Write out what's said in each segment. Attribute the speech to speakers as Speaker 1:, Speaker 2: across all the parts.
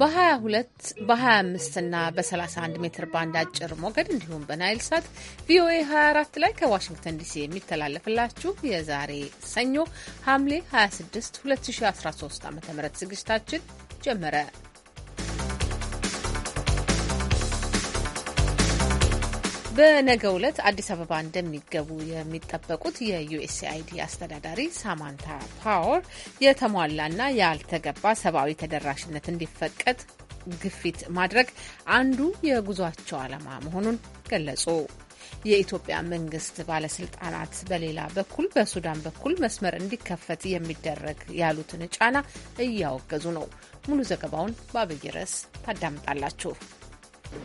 Speaker 1: በ22 በ25 እና በ31 ሜትር ባንድ አጭር ሞገድ እንዲሁም በናይል ሳት ቪኦኤ 24 ላይ ከዋሽንግተን ዲሲ የሚተላለፍላችሁ የዛሬ ሰኞ ሐምሌ 26 2013 ዓ ም ዝግጅታችን ጀመረ። በነገ ዕለት አዲስ አበባ እንደሚገቡ የሚጠበቁት የዩኤስአይዲ አስተዳዳሪ ሳማንታ ፓወር የተሟላና ያልተገባ ሰብአዊ ተደራሽነት እንዲፈቀድ ግፊት ማድረግ አንዱ የጉዟቸው ዓላማ መሆኑን ገለጹ። የኢትዮጵያ መንግስት ባለስልጣናት በሌላ በኩል በሱዳን በኩል መስመር እንዲከፈት የሚደረግ ያሉትን ጫና እያወገዙ ነው። ሙሉ ዘገባውን በአብይ ርዕስ ታዳምጣላችሁ።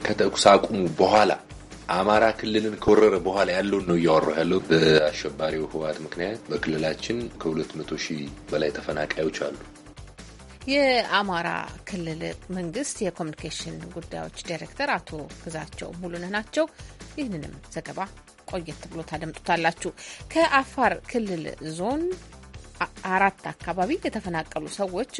Speaker 2: ከተኩስ አቁሙ በኋላ አማራ ክልልን ከወረረ በኋላ ያለውን ነው እያወራሁ ያለው። በአሸባሪው ህወሓት ምክንያት በክልላችን ከ 200 ሺህ በላይ ተፈናቃዮች አሉ።
Speaker 1: የአማራ ክልል መንግስት የኮሚኒኬሽን ጉዳዮች ዳይሬክተር አቶ ግዛቸው ሙሉነህ ናቸው። ይህንንም ዘገባ ቆየት ብሎ ታደምጡታላችሁ። ከአፋር ክልል ዞን አራት አካባቢ የተፈናቀሉ ሰዎች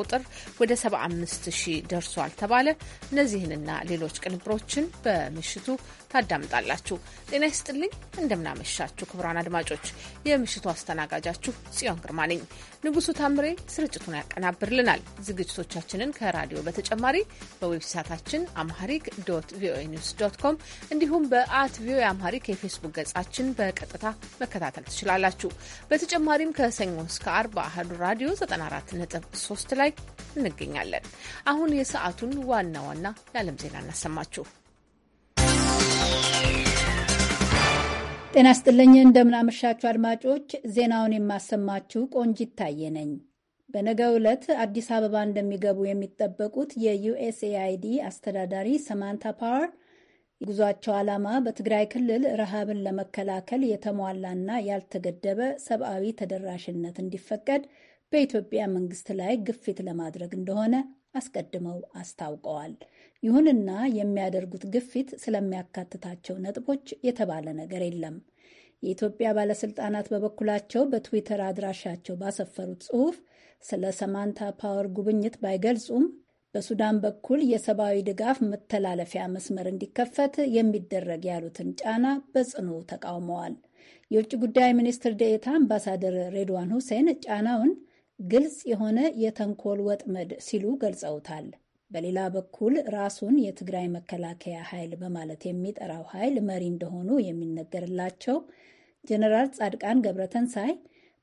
Speaker 1: ቁጥር ወደ 75 ሺህ ደርሷል ተባለ። እነዚህንና ሌሎች ቅንብሮችን በምሽቱ ታዳምጣላችሁ። ጤና ይስጥልኝ፣ እንደምናመሻችሁ ክቡራን አድማጮች፣ የምሽቱ አስተናጋጃችሁ ጽዮን ግርማ ነኝ። ንጉሱ ታምሬ ስርጭቱን ያቀናብርልናል። ዝግጅቶቻችንን ከራዲዮ በተጨማሪ በዌብሳይታችን አምሃሪክ ዶት ቪኦኤ ኒውስ ዶት ኮም እንዲሁም በአት ቪኦኤ አምሃሪክ የፌስቡክ ገጻችን በቀጥታ መከታተል ትችላላችሁ። በተጨማሪም ከሰኞ እስከ አርብ አህዱ ራዲዮ 94.3 ላይ እንገኛለን። አሁን የሰዓቱን ዋና ዋና የዓለም ዜና እናሰማችሁ።
Speaker 3: ጤና ስጥልኝ እንደምናመሻችሁ አድማጮች፣ ዜናውን የማሰማችሁ ቆንጅ ይታየ ነኝ። በነገ ዕለት አዲስ አበባ እንደሚገቡ የሚጠበቁት የዩኤስኤአይዲ አስተዳዳሪ ሰማንታ ፓወር የጉዟቸው ዓላማ በትግራይ ክልል ረሃብን ለመከላከል የተሟላና ያልተገደበ ሰብአዊ ተደራሽነት እንዲፈቀድ በኢትዮጵያ መንግስት ላይ ግፊት ለማድረግ እንደሆነ አስቀድመው አስታውቀዋል። ይሁንና የሚያደርጉት ግፊት ስለሚያካትታቸው ነጥቦች የተባለ ነገር የለም። የኢትዮጵያ ባለስልጣናት በበኩላቸው በትዊተር አድራሻቸው ባሰፈሩት ጽሑፍ ስለ ሰማንታ ፓወር ጉብኝት ባይገልጹም በሱዳን በኩል የሰብአዊ ድጋፍ መተላለፊያ መስመር እንዲከፈት የሚደረግ ያሉትን ጫና በጽኑ ተቃውመዋል። የውጭ ጉዳይ ሚኒስትር ደኤታ አምባሳደር ሬድዋን ሁሴን ጫናውን ግልጽ የሆነ የተንኮል ወጥመድ ሲሉ ገልጸውታል። በሌላ በኩል ራሱን የትግራይ መከላከያ ኃይል በማለት የሚጠራው ኃይል መሪ እንደሆኑ የሚነገርላቸው ጀነራል ጻድቃን ገብረተንሳይ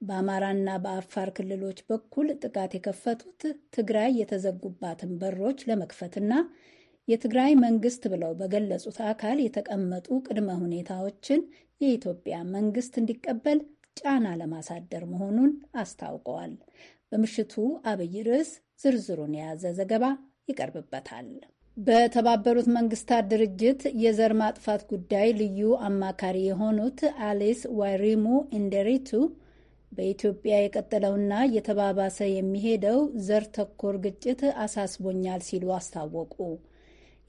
Speaker 3: በአማራና በአፋር ክልሎች በኩል ጥቃት የከፈቱት ትግራይ የተዘጉባትን በሮች ለመክፈትና የትግራይ መንግስት ብለው በገለጹት አካል የተቀመጡ ቅድመ ሁኔታዎችን የኢትዮጵያ መንግስት እንዲቀበል ጫና ለማሳደር መሆኑን አስታውቀዋል። በምሽቱ አብይ ርዕስ ዝርዝሩን የያዘ ዘገባ ይቀርብበታል። በተባበሩት መንግስታት ድርጅት የዘር ማጥፋት ጉዳይ ልዩ አማካሪ የሆኑት አሊስ ዋይሪሙ ኢንደሪቱ በኢትዮጵያ የቀጠለውና የተባባሰ የሚሄደው ዘር ተኮር ግጭት አሳስቦኛል ሲሉ አስታወቁ።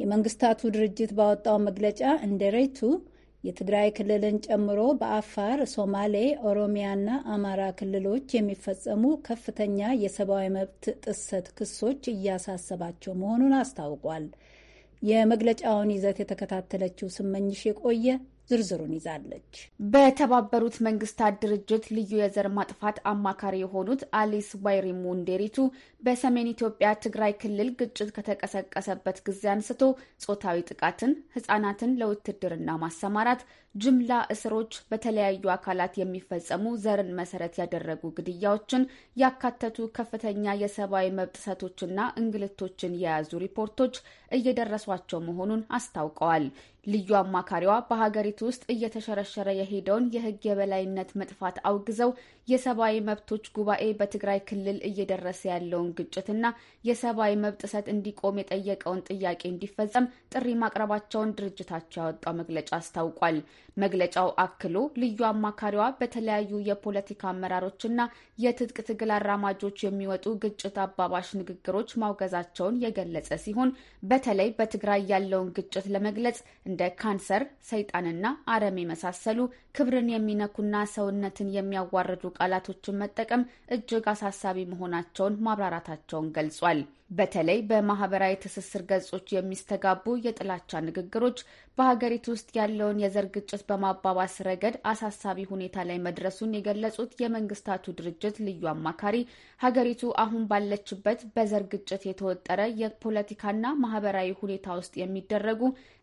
Speaker 3: የመንግስታቱ ድርጅት ባወጣው መግለጫ እንደሬቱ የትግራይ ክልልን ጨምሮ በአፋር፣ ሶማሌ፣ ኦሮሚያና አማራ ክልሎች የሚፈጸሙ ከፍተኛ የሰብአዊ መብት ጥሰት ክሶች እያሳሰባቸው መሆኑን አስታውቋል። የመግለጫውን ይዘት የተከታተለችው ስመኝሽ የቆየ ዝርዝሩን ይዛለች። በተባበሩት መንግስታት
Speaker 4: ድርጅት ልዩ የዘር ማጥፋት አማካሪ የሆኑት አሊስ ዋይሪሙ እንዴሪቱ በሰሜን ኢትዮጵያ ትግራይ ክልል ግጭት ከተቀሰቀሰበት ጊዜ አንስቶ ጾታዊ ጥቃትን፣ ህጻናትን ለውትድርና ማሰማራት፣ ጅምላ እስሮች፣ በተለያዩ አካላት የሚፈጸሙ ዘርን መሰረት ያደረጉ ግድያዎችን ያካተቱ ከፍተኛ የሰብአዊ መብት ጥሰቶችና እንግልቶችን የያዙ ሪፖርቶች እየደረሷቸው መሆኑን አስታውቀዋል። ልዩ አማካሪዋ በሀገሪቱ ውስጥ እየተሸረሸረ የሄደውን የሕግ የበላይነት መጥፋት አውግዘው የሰብአዊ መብቶች ጉባኤ በትግራይ ክልል እየደረሰ ያለውን ግጭትና የሰብአዊ መብት ጥሰት እንዲቆም የጠየቀውን ጥያቄ እንዲፈጸም ጥሪ ማቅረባቸውን ድርጅታቸው ያወጣው መግለጫ አስታውቋል። መግለጫው አክሎ ልዩ አማካሪዋ በተለያዩ የፖለቲካ አመራሮችና የትጥቅ ትግል አራማጆች የሚወጡ ግጭት አባባሽ ንግግሮች ማውገዛቸውን የገለጸ ሲሆን በተለይ በትግራይ ያለውን ግጭት ለመግለጽ እንደ ካንሰር፣ ሰይጣንና አረም የመሳሰሉ ክብርን የሚነኩና ሰውነትን የሚያዋርዱ ቃላቶችን መጠቀም እጅግ አሳሳቢ መሆናቸውን ማብራራታቸውን ገልጿል። በተለይ በማህበራዊ ትስስር ገጾች የሚስተጋቡ የጥላቻ ንግግሮች በሀገሪቱ ውስጥ ያለውን የዘር ግጭት በማባባስ ረገድ አሳሳቢ ሁኔታ ላይ መድረሱን የገለጹት የመንግስታቱ ድርጅት ልዩ አማካሪ ሀገሪቱ አሁን ባለችበት በዘር ግጭት የተወጠረ የፖለቲካና ማህበራዊ ሁኔታ ውስጥ የሚደረጉ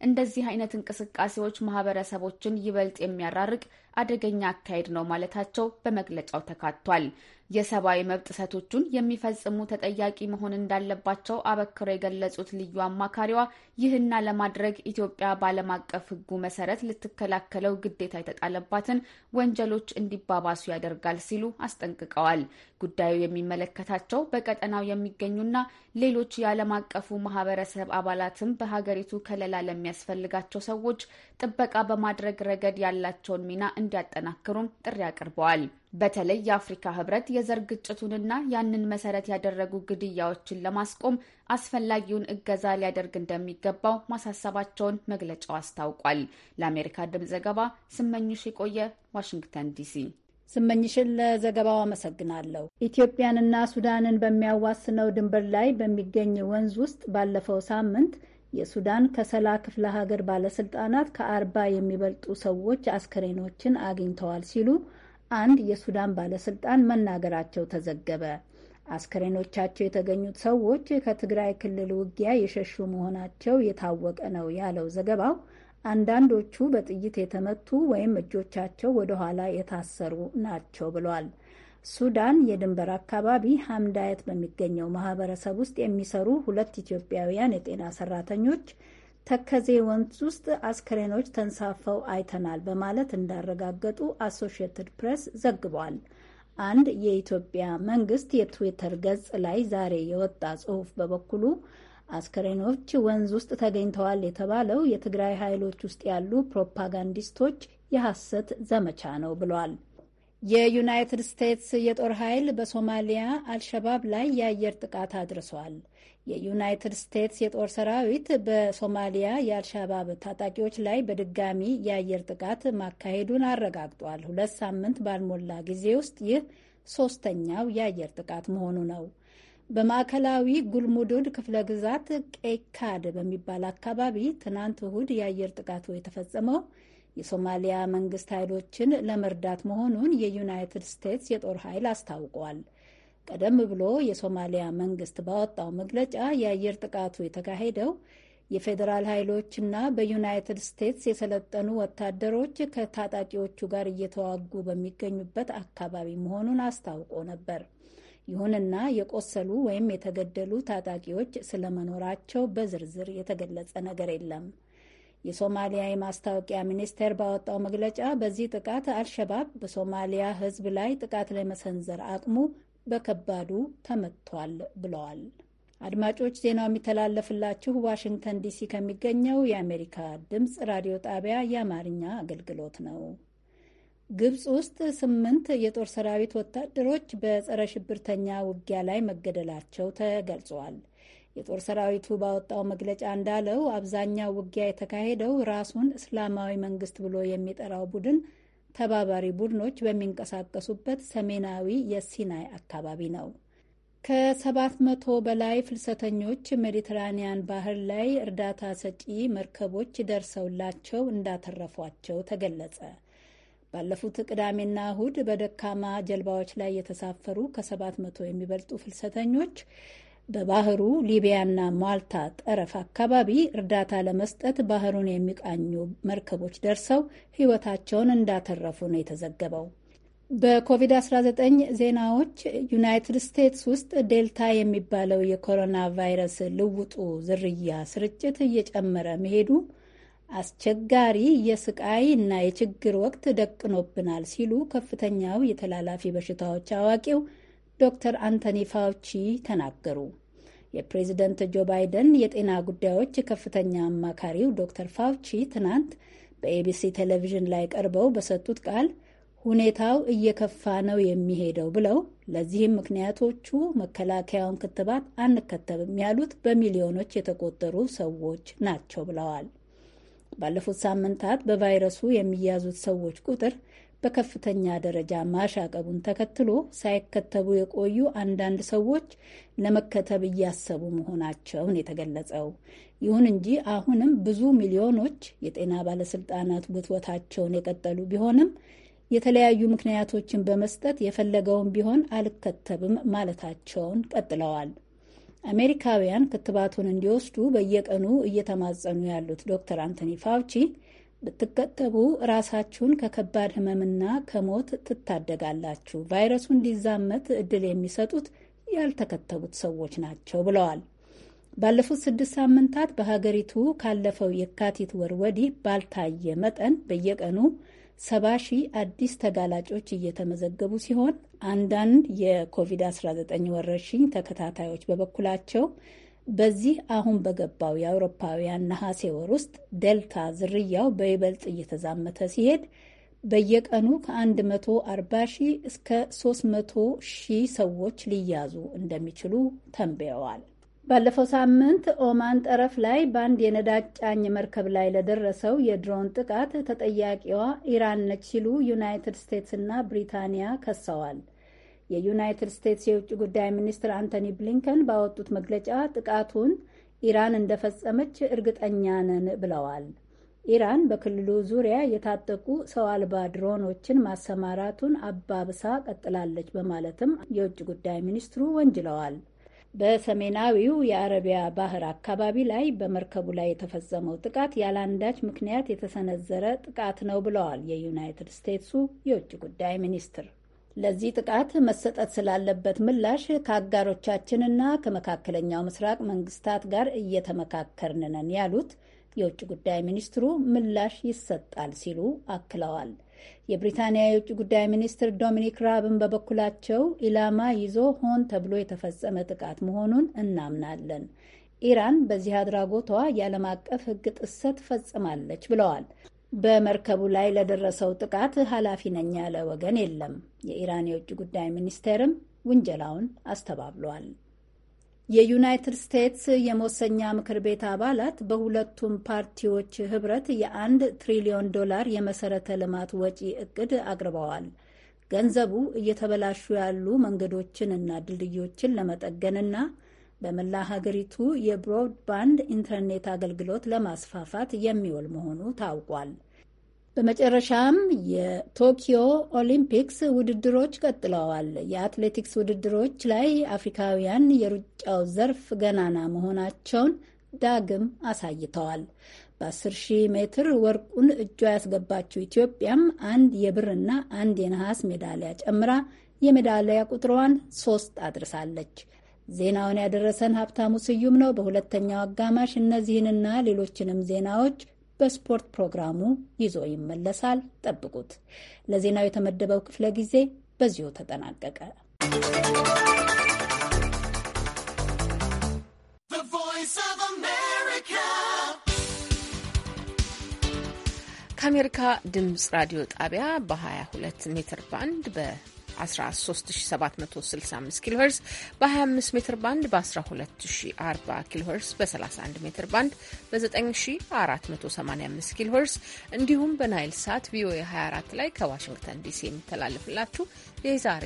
Speaker 4: እንደዚህ አይነት እንቅስቃሴዎች ማህበረሰቦችን ይበልጥ የሚያራርቅ አደገኛ አካሄድ ነው ማለታቸው በመግለጫው ተካቷል። የሰብአዊ መብት ጥሰቶቹን የሚፈጽሙ ተጠያቂ መሆን እንዳለባቸው አበክሮ የገለጹት ልዩ አማካሪዋ ይህና ለማድረግ ኢትዮጵያ በዓለም አቀፍ ሕጉ መሰረት ልትከላከለው ግዴታ የተጣለባትን ወንጀሎች እንዲባባሱ ያደርጋል ሲሉ አስጠንቅቀዋል። ጉዳዩ የሚመለከታቸው በቀጠናው የሚገኙና ሌሎች የዓለም አቀፉ ማህበረሰብ አባላትም በሀገሪቱ ከለላ ለሚያስፈልጋቸው ሰዎች ጥበቃ በማድረግ ረገድ ያላቸውን ሚና እንዲያጠናክሩም ጥሪ አቅርበዋል። በተለይ የአፍሪካ ህብረት የዘር ግጭቱንና ያንን መሰረት ያደረጉ ግድያዎችን ለማስቆም አስፈላጊውን እገዛ ሊያደርግ እንደሚገባው ማሳሰባቸውን መግለጫው አስታውቋል። ለአሜሪካ ድምፅ ዘገባ ስመኝሽ የቆየ ዋሽንግተን ዲሲ።
Speaker 3: ስመኝሽን ለዘገባው አመሰግናለሁ። ኢትዮጵያንና ሱዳንን በሚያዋስነው ድንበር ላይ በሚገኝ ወንዝ ውስጥ ባለፈው ሳምንት የሱዳን ከሰላ ክፍለ ሀገር ባለስልጣናት ከአርባ የሚበልጡ ሰዎች አስከሬኖችን አግኝተዋል ሲሉ አንድ የሱዳን ባለስልጣን መናገራቸው ተዘገበ። አስከሬኖቻቸው የተገኙት ሰዎች ከትግራይ ክልል ውጊያ የሸሹ መሆናቸው የታወቀ ነው ያለው ዘገባው፣ አንዳንዶቹ በጥይት የተመቱ ወይም እጆቻቸው ወደኋላ የታሰሩ ናቸው ብሏል። ሱዳን የድንበር አካባቢ ሐምዳየት በሚገኘው ማህበረሰብ ውስጥ የሚሰሩ ሁለት ኢትዮጵያውያን የጤና ሰራተኞች ተከዜ ወንዝ ውስጥ አስክሬኖች ተንሳፈው አይተናል በማለት እንዳረጋገጡ አሶሺየትድ ፕሬስ ዘግቧል። አንድ የኢትዮጵያ መንግስት የትዊተር ገጽ ላይ ዛሬ የወጣ ጽሑፍ በበኩሉ አስከሬኖች ወንዝ ውስጥ ተገኝተዋል የተባለው የትግራይ ኃይሎች ውስጥ ያሉ ፕሮፓጋንዲስቶች የሐሰት ዘመቻ ነው ብሏል። የዩናይትድ ስቴትስ የጦር ኃይል በሶማሊያ አልሸባብ ላይ የአየር ጥቃት አድርሷል። የዩናይትድ ስቴትስ የጦር ሰራዊት በሶማሊያ የአልሸባብ ታጣቂዎች ላይ በድጋሚ የአየር ጥቃት ማካሄዱን አረጋግጧል። ሁለት ሳምንት ባልሞላ ጊዜ ውስጥ ይህ ሶስተኛው የአየር ጥቃት መሆኑ ነው። በማዕከላዊ ጉልሙዱድ ክፍለ ግዛት ቄካድ በሚባል አካባቢ ትናንት እሁድ የአየር ጥቃቱ የተፈጸመው የሶማሊያ መንግስት ኃይሎችን ለመርዳት መሆኑን የዩናይትድ ስቴትስ የጦር ኃይል አስታውቋል። ቀደም ብሎ የሶማሊያ መንግስት ባወጣው መግለጫ የአየር ጥቃቱ የተካሄደው የፌዴራል ኃይሎችና በዩናይትድ ስቴትስ የሰለጠኑ ወታደሮች ከታጣቂዎቹ ጋር እየተዋጉ በሚገኙበት አካባቢ መሆኑን አስታውቆ ነበር። ይሁንና የቆሰሉ ወይም የተገደሉ ታጣቂዎች ስለመኖራቸው በዝርዝር የተገለጸ ነገር የለም። የሶማሊያ የማስታወቂያ ሚኒስቴር ባወጣው መግለጫ በዚህ ጥቃት አልሸባብ በሶማሊያ ሕዝብ ላይ ጥቃት ለመሰንዘር አቅሙ በከባዱ ተመቷል ብለዋል። አድማጮች ዜናው የሚተላለፍላችሁ ዋሽንግተን ዲሲ ከሚገኘው የአሜሪካ ድምፅ ራዲዮ ጣቢያ የአማርኛ አገልግሎት ነው። ግብፅ ውስጥ ስምንት የጦር ሰራዊት ወታደሮች በጸረ ሽብርተኛ ውጊያ ላይ መገደላቸው ተገልጿል። የጦር ሰራዊቱ ባወጣው መግለጫ እንዳለው አብዛኛው ውጊያ የተካሄደው ራሱን እስላማዊ መንግስት ብሎ የሚጠራው ቡድን ተባባሪ ቡድኖች በሚንቀሳቀሱበት ሰሜናዊ የሲናይ አካባቢ ነው። ከሰባት መቶ በላይ ፍልሰተኞች ሜዲትራኒያን ባህር ላይ እርዳታ ሰጪ መርከቦች ደርሰውላቸው እንዳተረፏቸው ተገለጸ። ባለፉት ቅዳሜና እሁድ በደካማ ጀልባዎች ላይ የተሳፈሩ ከሰባት መቶ የሚበልጡ ፍልሰተኞች በባህሩ ሊቢያና ማልታ ጠረፍ አካባቢ እርዳታ ለመስጠት ባህሩን የሚቃኙ መርከቦች ደርሰው ሕይወታቸውን እንዳተረፉ ነው የተዘገበው። በኮቪድ-19 ዜናዎች ዩናይትድ ስቴትስ ውስጥ ዴልታ የሚባለው የኮሮና ቫይረስ ልውጡ ዝርያ ስርጭት እየጨመረ መሄዱ አስቸጋሪ የስቃይ እና የችግር ወቅት ደቅኖብናል ሲሉ ከፍተኛው የተላላፊ በሽታዎች አዋቂው ዶክተር አንቶኒ ፋውቺ ተናገሩ። የፕሬዝደንት ጆ ባይደን የጤና ጉዳዮች ከፍተኛ አማካሪው ዶክተር ፋውቺ ትናንት በኤቢሲ ቴሌቪዥን ላይ ቀርበው በሰጡት ቃል ሁኔታው እየከፋ ነው የሚሄደው ብለው ለዚህም ምክንያቶቹ መከላከያውን ክትባት አንከተብም ያሉት በሚሊዮኖች የተቆጠሩ ሰዎች ናቸው ብለዋል። ባለፉት ሳምንታት በቫይረሱ የሚያዙት ሰዎች ቁጥር በከፍተኛ ደረጃ ማሻቀቡን ተከትሎ ሳይከተቡ የቆዩ አንዳንድ ሰዎች ለመከተብ እያሰቡ መሆናቸውን የተገለጸው። ይሁን እንጂ አሁንም ብዙ ሚሊዮኖች የጤና ባለስልጣናት ውትወታቸውን የቀጠሉ ቢሆንም የተለያዩ ምክንያቶችን በመስጠት የፈለገውን ቢሆን አልከተብም ማለታቸውን ቀጥለዋል። አሜሪካውያን ክትባቱን እንዲወስዱ በየቀኑ እየተማጸኑ ያሉት ዶክተር አንቶኒ ፋውቺ ብትከተቡ ራሳችሁን ከከባድ ህመምና ከሞት ትታደጋላችሁ። ቫይረሱ እንዲዛመት እድል የሚሰጡት ያልተከተቡት ሰዎች ናቸው ብለዋል። ባለፉት ስድስት ሳምንታት በሀገሪቱ ካለፈው የካቲት ወር ወዲህ ባልታየ መጠን በየቀኑ ሰባ ሺህ አዲስ ተጋላጮች እየተመዘገቡ ሲሆን አንዳንድ የኮቪድ-19 ወረርሽኝ ተከታታዮች በበኩላቸው በዚህ አሁን በገባው የአውሮፓውያን ነሐሴ ወር ውስጥ ዴልታ ዝርያው በይበልጥ እየተዛመተ ሲሄድ በየቀኑ ከ140 ሺህ እስከ 300 ሺህ ሰዎች ሊያዙ እንደሚችሉ ተንብየዋል። ባለፈው ሳምንት ኦማን ጠረፍ ላይ በአንድ የነዳጅ ጫኝ መርከብ ላይ ለደረሰው የድሮን ጥቃት ተጠያቂዋ ኢራን ነች ሲሉ ዩናይትድ ስቴትስና ብሪታንያ ከሰዋል። የዩናይትድ ስቴትስ የውጭ ጉዳይ ሚኒስትር አንቶኒ ብሊንከን ባወጡት መግለጫ ጥቃቱን ኢራን እንደፈጸመች እርግጠኛ ነን ብለዋል። ኢራን በክልሉ ዙሪያ የታጠቁ ሰው አልባ ድሮኖችን ማሰማራቱን አባብሳ ቀጥላለች በማለትም የውጭ ጉዳይ ሚኒስትሩ ወንጅለዋል። በሰሜናዊው የአረቢያ ባህር አካባቢ ላይ በመርከቡ ላይ የተፈጸመው ጥቃት ያለአንዳች ምክንያት የተሰነዘረ ጥቃት ነው ብለዋል የዩናይትድ ስቴትሱ የውጭ ጉዳይ ሚኒስትር። ለዚህ ጥቃት መሰጠት ስላለበት ምላሽ ከአጋሮቻችንና ከመካከለኛው ምስራቅ መንግስታት ጋር እየተመካከርን ነን ያሉት የውጭ ጉዳይ ሚኒስትሩ ምላሽ ይሰጣል ሲሉ አክለዋል። የብሪታንያ የውጭ ጉዳይ ሚኒስትር ዶሚኒክ ራብን በበኩላቸው ኢላማ ይዞ ሆን ተብሎ የተፈጸመ ጥቃት መሆኑን እናምናለን ኢራን በዚህ አድራጎቷ የዓለም አቀፍ ሕግ ጥሰት ፈጽማለች ብለዋል። በመርከቡ ላይ ለደረሰው ጥቃት ኃላፊ ነኝ ያለ ወገን የለም። የኢራን የውጭ ጉዳይ ሚኒስቴርም ውንጀላውን አስተባብሏል። የዩናይትድ ስቴትስ የመወሰኛ ምክር ቤት አባላት በሁለቱም ፓርቲዎች ህብረት የአንድ ትሪሊዮን ዶላር የመሰረተ ልማት ወጪ እቅድ አቅርበዋል። ገንዘቡ እየተበላሹ ያሉ መንገዶችን እና ድልድዮችን ለመጠገንና በመላ ሀገሪቱ የብሮድባንድ ኢንተርኔት አገልግሎት ለማስፋፋት የሚውል መሆኑ ታውቋል። በመጨረሻም የቶኪዮ ኦሊምፒክስ ውድድሮች ቀጥለዋል። የአትሌቲክስ ውድድሮች ላይ አፍሪካውያን የሩጫው ዘርፍ ገናና መሆናቸውን ዳግም አሳይተዋል። በ10 ሺህ ሜትር ወርቁን እጇ ያስገባችው ኢትዮጵያም አንድ የብርና አንድ የነሐስ ሜዳሊያ ጨምራ የሜዳሊያ ቁጥሯን ሶስት አድርሳለች። ዜናውን ያደረሰን ሀብታሙ ስዩም ነው። በሁለተኛው አጋማሽ እነዚህንና ሌሎችንም ዜናዎች በስፖርት ፕሮግራሙ ይዞ ይመለሳል። ጠብቁት። ለዜናው የተመደበው ክፍለ ጊዜ በዚሁ ተጠናቀቀ።
Speaker 1: ከአሜሪካ ድምፅ ራዲዮ ጣቢያ በ22 ሜትር ባንድ በ 13765 ኪሎ ሄርዝ በ25 ሜትር ባንድ በ1240 ኪሎ ሄርዝ በ31 ሜትር ባንድ በ9485 ኪሎ ሄርዝ እንዲሁም በናይል ሳት ቪኦኤ 24 ላይ ከዋሽንግተን ዲሲ የሚተላለፍላችሁ የዛሬ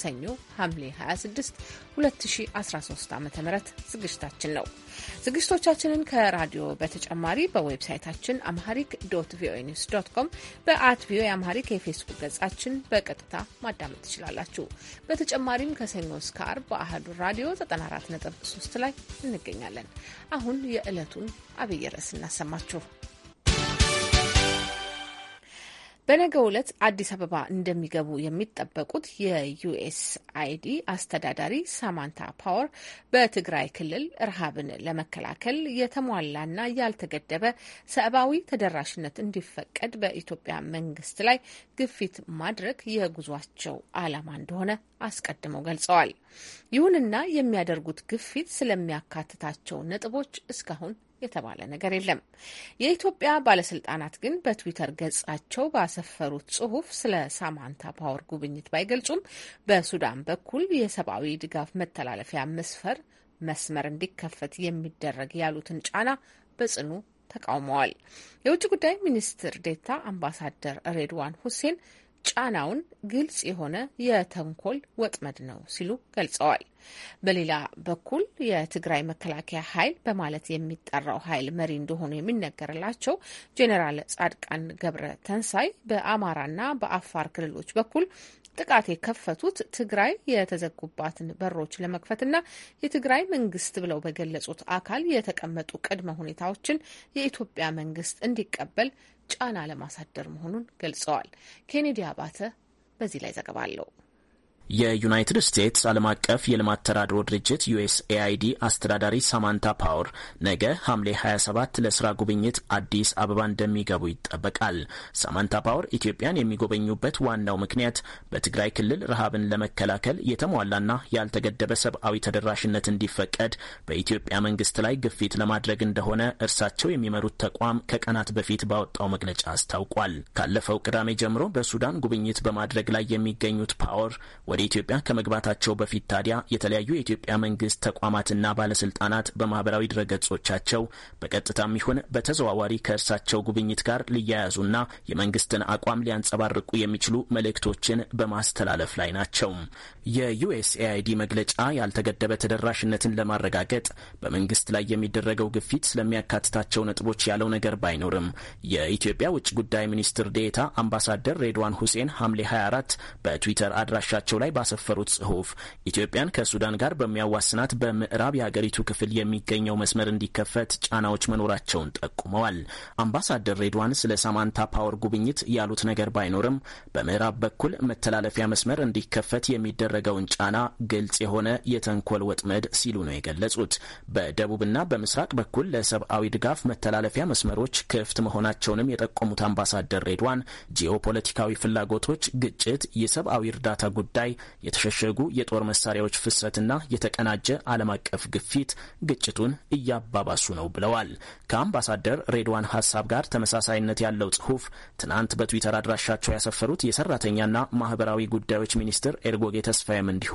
Speaker 1: ሰኞ ሐምሌ 26 2013 ዓ ም ዝግጅታችን ነው። ዝግጅቶቻችንን ከራዲዮ በተጨማሪ በዌብሳይታችን አምሃሪክ ዶት ቪኦኤ ኒውስ ዶት ኮም በአት ቪኦኤ አምሃሪክ የፌስቡክ ገጻችን በቀጥታ ማዳመጥ ትችላላችሁ። በተጨማሪም ከሰኞ እስከ ዓርብ በአህዱ ራዲዮ 94.3 ላይ እንገኛለን። አሁን የዕለቱን አብይ ርዕስ እናሰማችሁ። በነገ ዕለት አዲስ አበባ እንደሚገቡ የሚጠበቁት የዩኤስ አይዲ አስተዳዳሪ ሳማንታ ፓወር በትግራይ ክልል ረሃብን ለመከላከል የተሟላና ያልተገደበ ሰብአዊ ተደራሽነት እንዲፈቀድ በኢትዮጵያ መንግስት ላይ ግፊት ማድረግ የጉዟቸው ዓላማ እንደሆነ አስቀድመው ገልጸዋል። ይሁንና የሚያደርጉት ግፊት ስለሚያካትታቸው ነጥቦች እስካሁን የተባለ ነገር የለም። የኢትዮጵያ ባለስልጣናት ግን በትዊተር ገጻቸው ባሰፈሩት ጽሁፍ ስለ ሳማንታ ፓወር ጉብኝት ባይገልጹም በሱዳን በኩል የሰብአዊ ድጋፍ መተላለፊያ መስፈር መስመር እንዲከፈት የሚደረግ ያሉትን ጫና በጽኑ ተቃውመዋል። የውጭ ጉዳይ ሚኒስትር ዴታ አምባሳደር ሬድዋን ሁሴን ጫናውን ግልጽ የሆነ የተንኮል ወጥመድ ነው ሲሉ ገልጸዋል። በሌላ በኩል የትግራይ መከላከያ ኃይል በማለት የሚጠራው ኃይል መሪ እንደሆኑ የሚነገርላቸው ጄኔራል ጻድቃን ገብረ ተንሳይ በአማራና በአፋር ክልሎች በኩል ጥቃት የከፈቱት ትግራይ የተዘጉባትን በሮች ለመክፈትና የትግራይ መንግስት ብለው በገለጹት አካል የተቀመጡ ቅድመ ሁኔታዎችን የኢትዮጵያ መንግስት እንዲቀበል ጫና ለማሳደር መሆኑን ገልጸዋል። ኬኔዲ አባተ በዚህ ላይ ዘገባ አለው።
Speaker 5: የዩናይትድ ስቴትስ ዓለም አቀፍ የልማት ተራድሮ ድርጅት ዩኤስኤአይዲ አስተዳዳሪ ሳማንታ ፓወር ነገ ሐምሌ 27 ለስራ ጉብኝት አዲስ አበባ እንደሚገቡ ይጠበቃል። ሳማንታ ፓወር ኢትዮጵያን የሚጎበኙበት ዋናው ምክንያት በትግራይ ክልል ረሃብን ለመከላከል የተሟላና ያልተገደበ ሰብአዊ ተደራሽነት እንዲፈቀድ በኢትዮጵያ መንግስት ላይ ግፊት ለማድረግ እንደሆነ እርሳቸው የሚመሩት ተቋም ከቀናት በፊት ባወጣው መግለጫ አስታውቋል። ካለፈው ቅዳሜ ጀምሮ በሱዳን ጉብኝት በማድረግ ላይ የሚገኙት ፓወር ወደ ወደ ኢትዮጵያ ከመግባታቸው በፊት ታዲያ የተለያዩ የኢትዮጵያ መንግስት ተቋማትና ባለስልጣናት በማህበራዊ ድረገጾቻቸው በቀጥታም ይሁን በተዘዋዋሪ ከእርሳቸው ጉብኝት ጋር ሊያያዙና የመንግስትን አቋም ሊያንጸባርቁ የሚችሉ መልእክቶችን በማስተላለፍ ላይ ናቸው። የዩኤስኤአይዲ መግለጫ ያልተገደበ ተደራሽነትን ለማረጋገጥ በመንግስት ላይ የሚደረገው ግፊት ስለሚያካትታቸው ነጥቦች ያለው ነገር ባይኖርም የኢትዮጵያ ውጭ ጉዳይ ሚኒስትር ዴታ አምባሳደር ሬድዋን ሁሴን ሐምሌ 24 በትዊተር አድራሻቸው ላይ ባሰፈሩት ጽሁፍ ኢትዮጵያን ከሱዳን ጋር በሚያዋስናት በምዕራብ የአገሪቱ ክፍል የሚገኘው መስመር እንዲከፈት ጫናዎች መኖራቸውን ጠቁመዋል። አምባሳደር ሬድዋን ስለ ሳማንታ ፓወር ጉብኝት ያሉት ነገር ባይኖርም በምዕራብ በኩል መተላለፊያ መስመር እንዲከፈት የሚደረገውን ጫና ግልጽ የሆነ የተንኮል ወጥመድ ሲሉ ነው የገለጹት። በደቡብና በምስራቅ በኩል ለሰብአዊ ድጋፍ መተላለፊያ መስመሮች ክፍት መሆናቸውንም የጠቆሙት አምባሳደር ሬድዋን ጂኦፖለቲካዊ ፍላጎቶች፣ ግጭት፣ የሰብአዊ እርዳታ ጉዳይ የተሸሸጉ የጦር መሳሪያዎች ፍሰትና የተቀናጀ ዓለም አቀፍ ግፊት ግጭቱን እያባባሱ ነው ብለዋል። ከአምባሳደር ሬድዋን ሀሳብ ጋር ተመሳሳይነት ያለው ጽሁፍ ትናንት በትዊተር አድራሻቸው ያሰፈሩት የሰራተኛና ማህበራዊ ጉዳዮች ሚኒስትር ኤርጎጌ ተስፋዬም እንዲሁ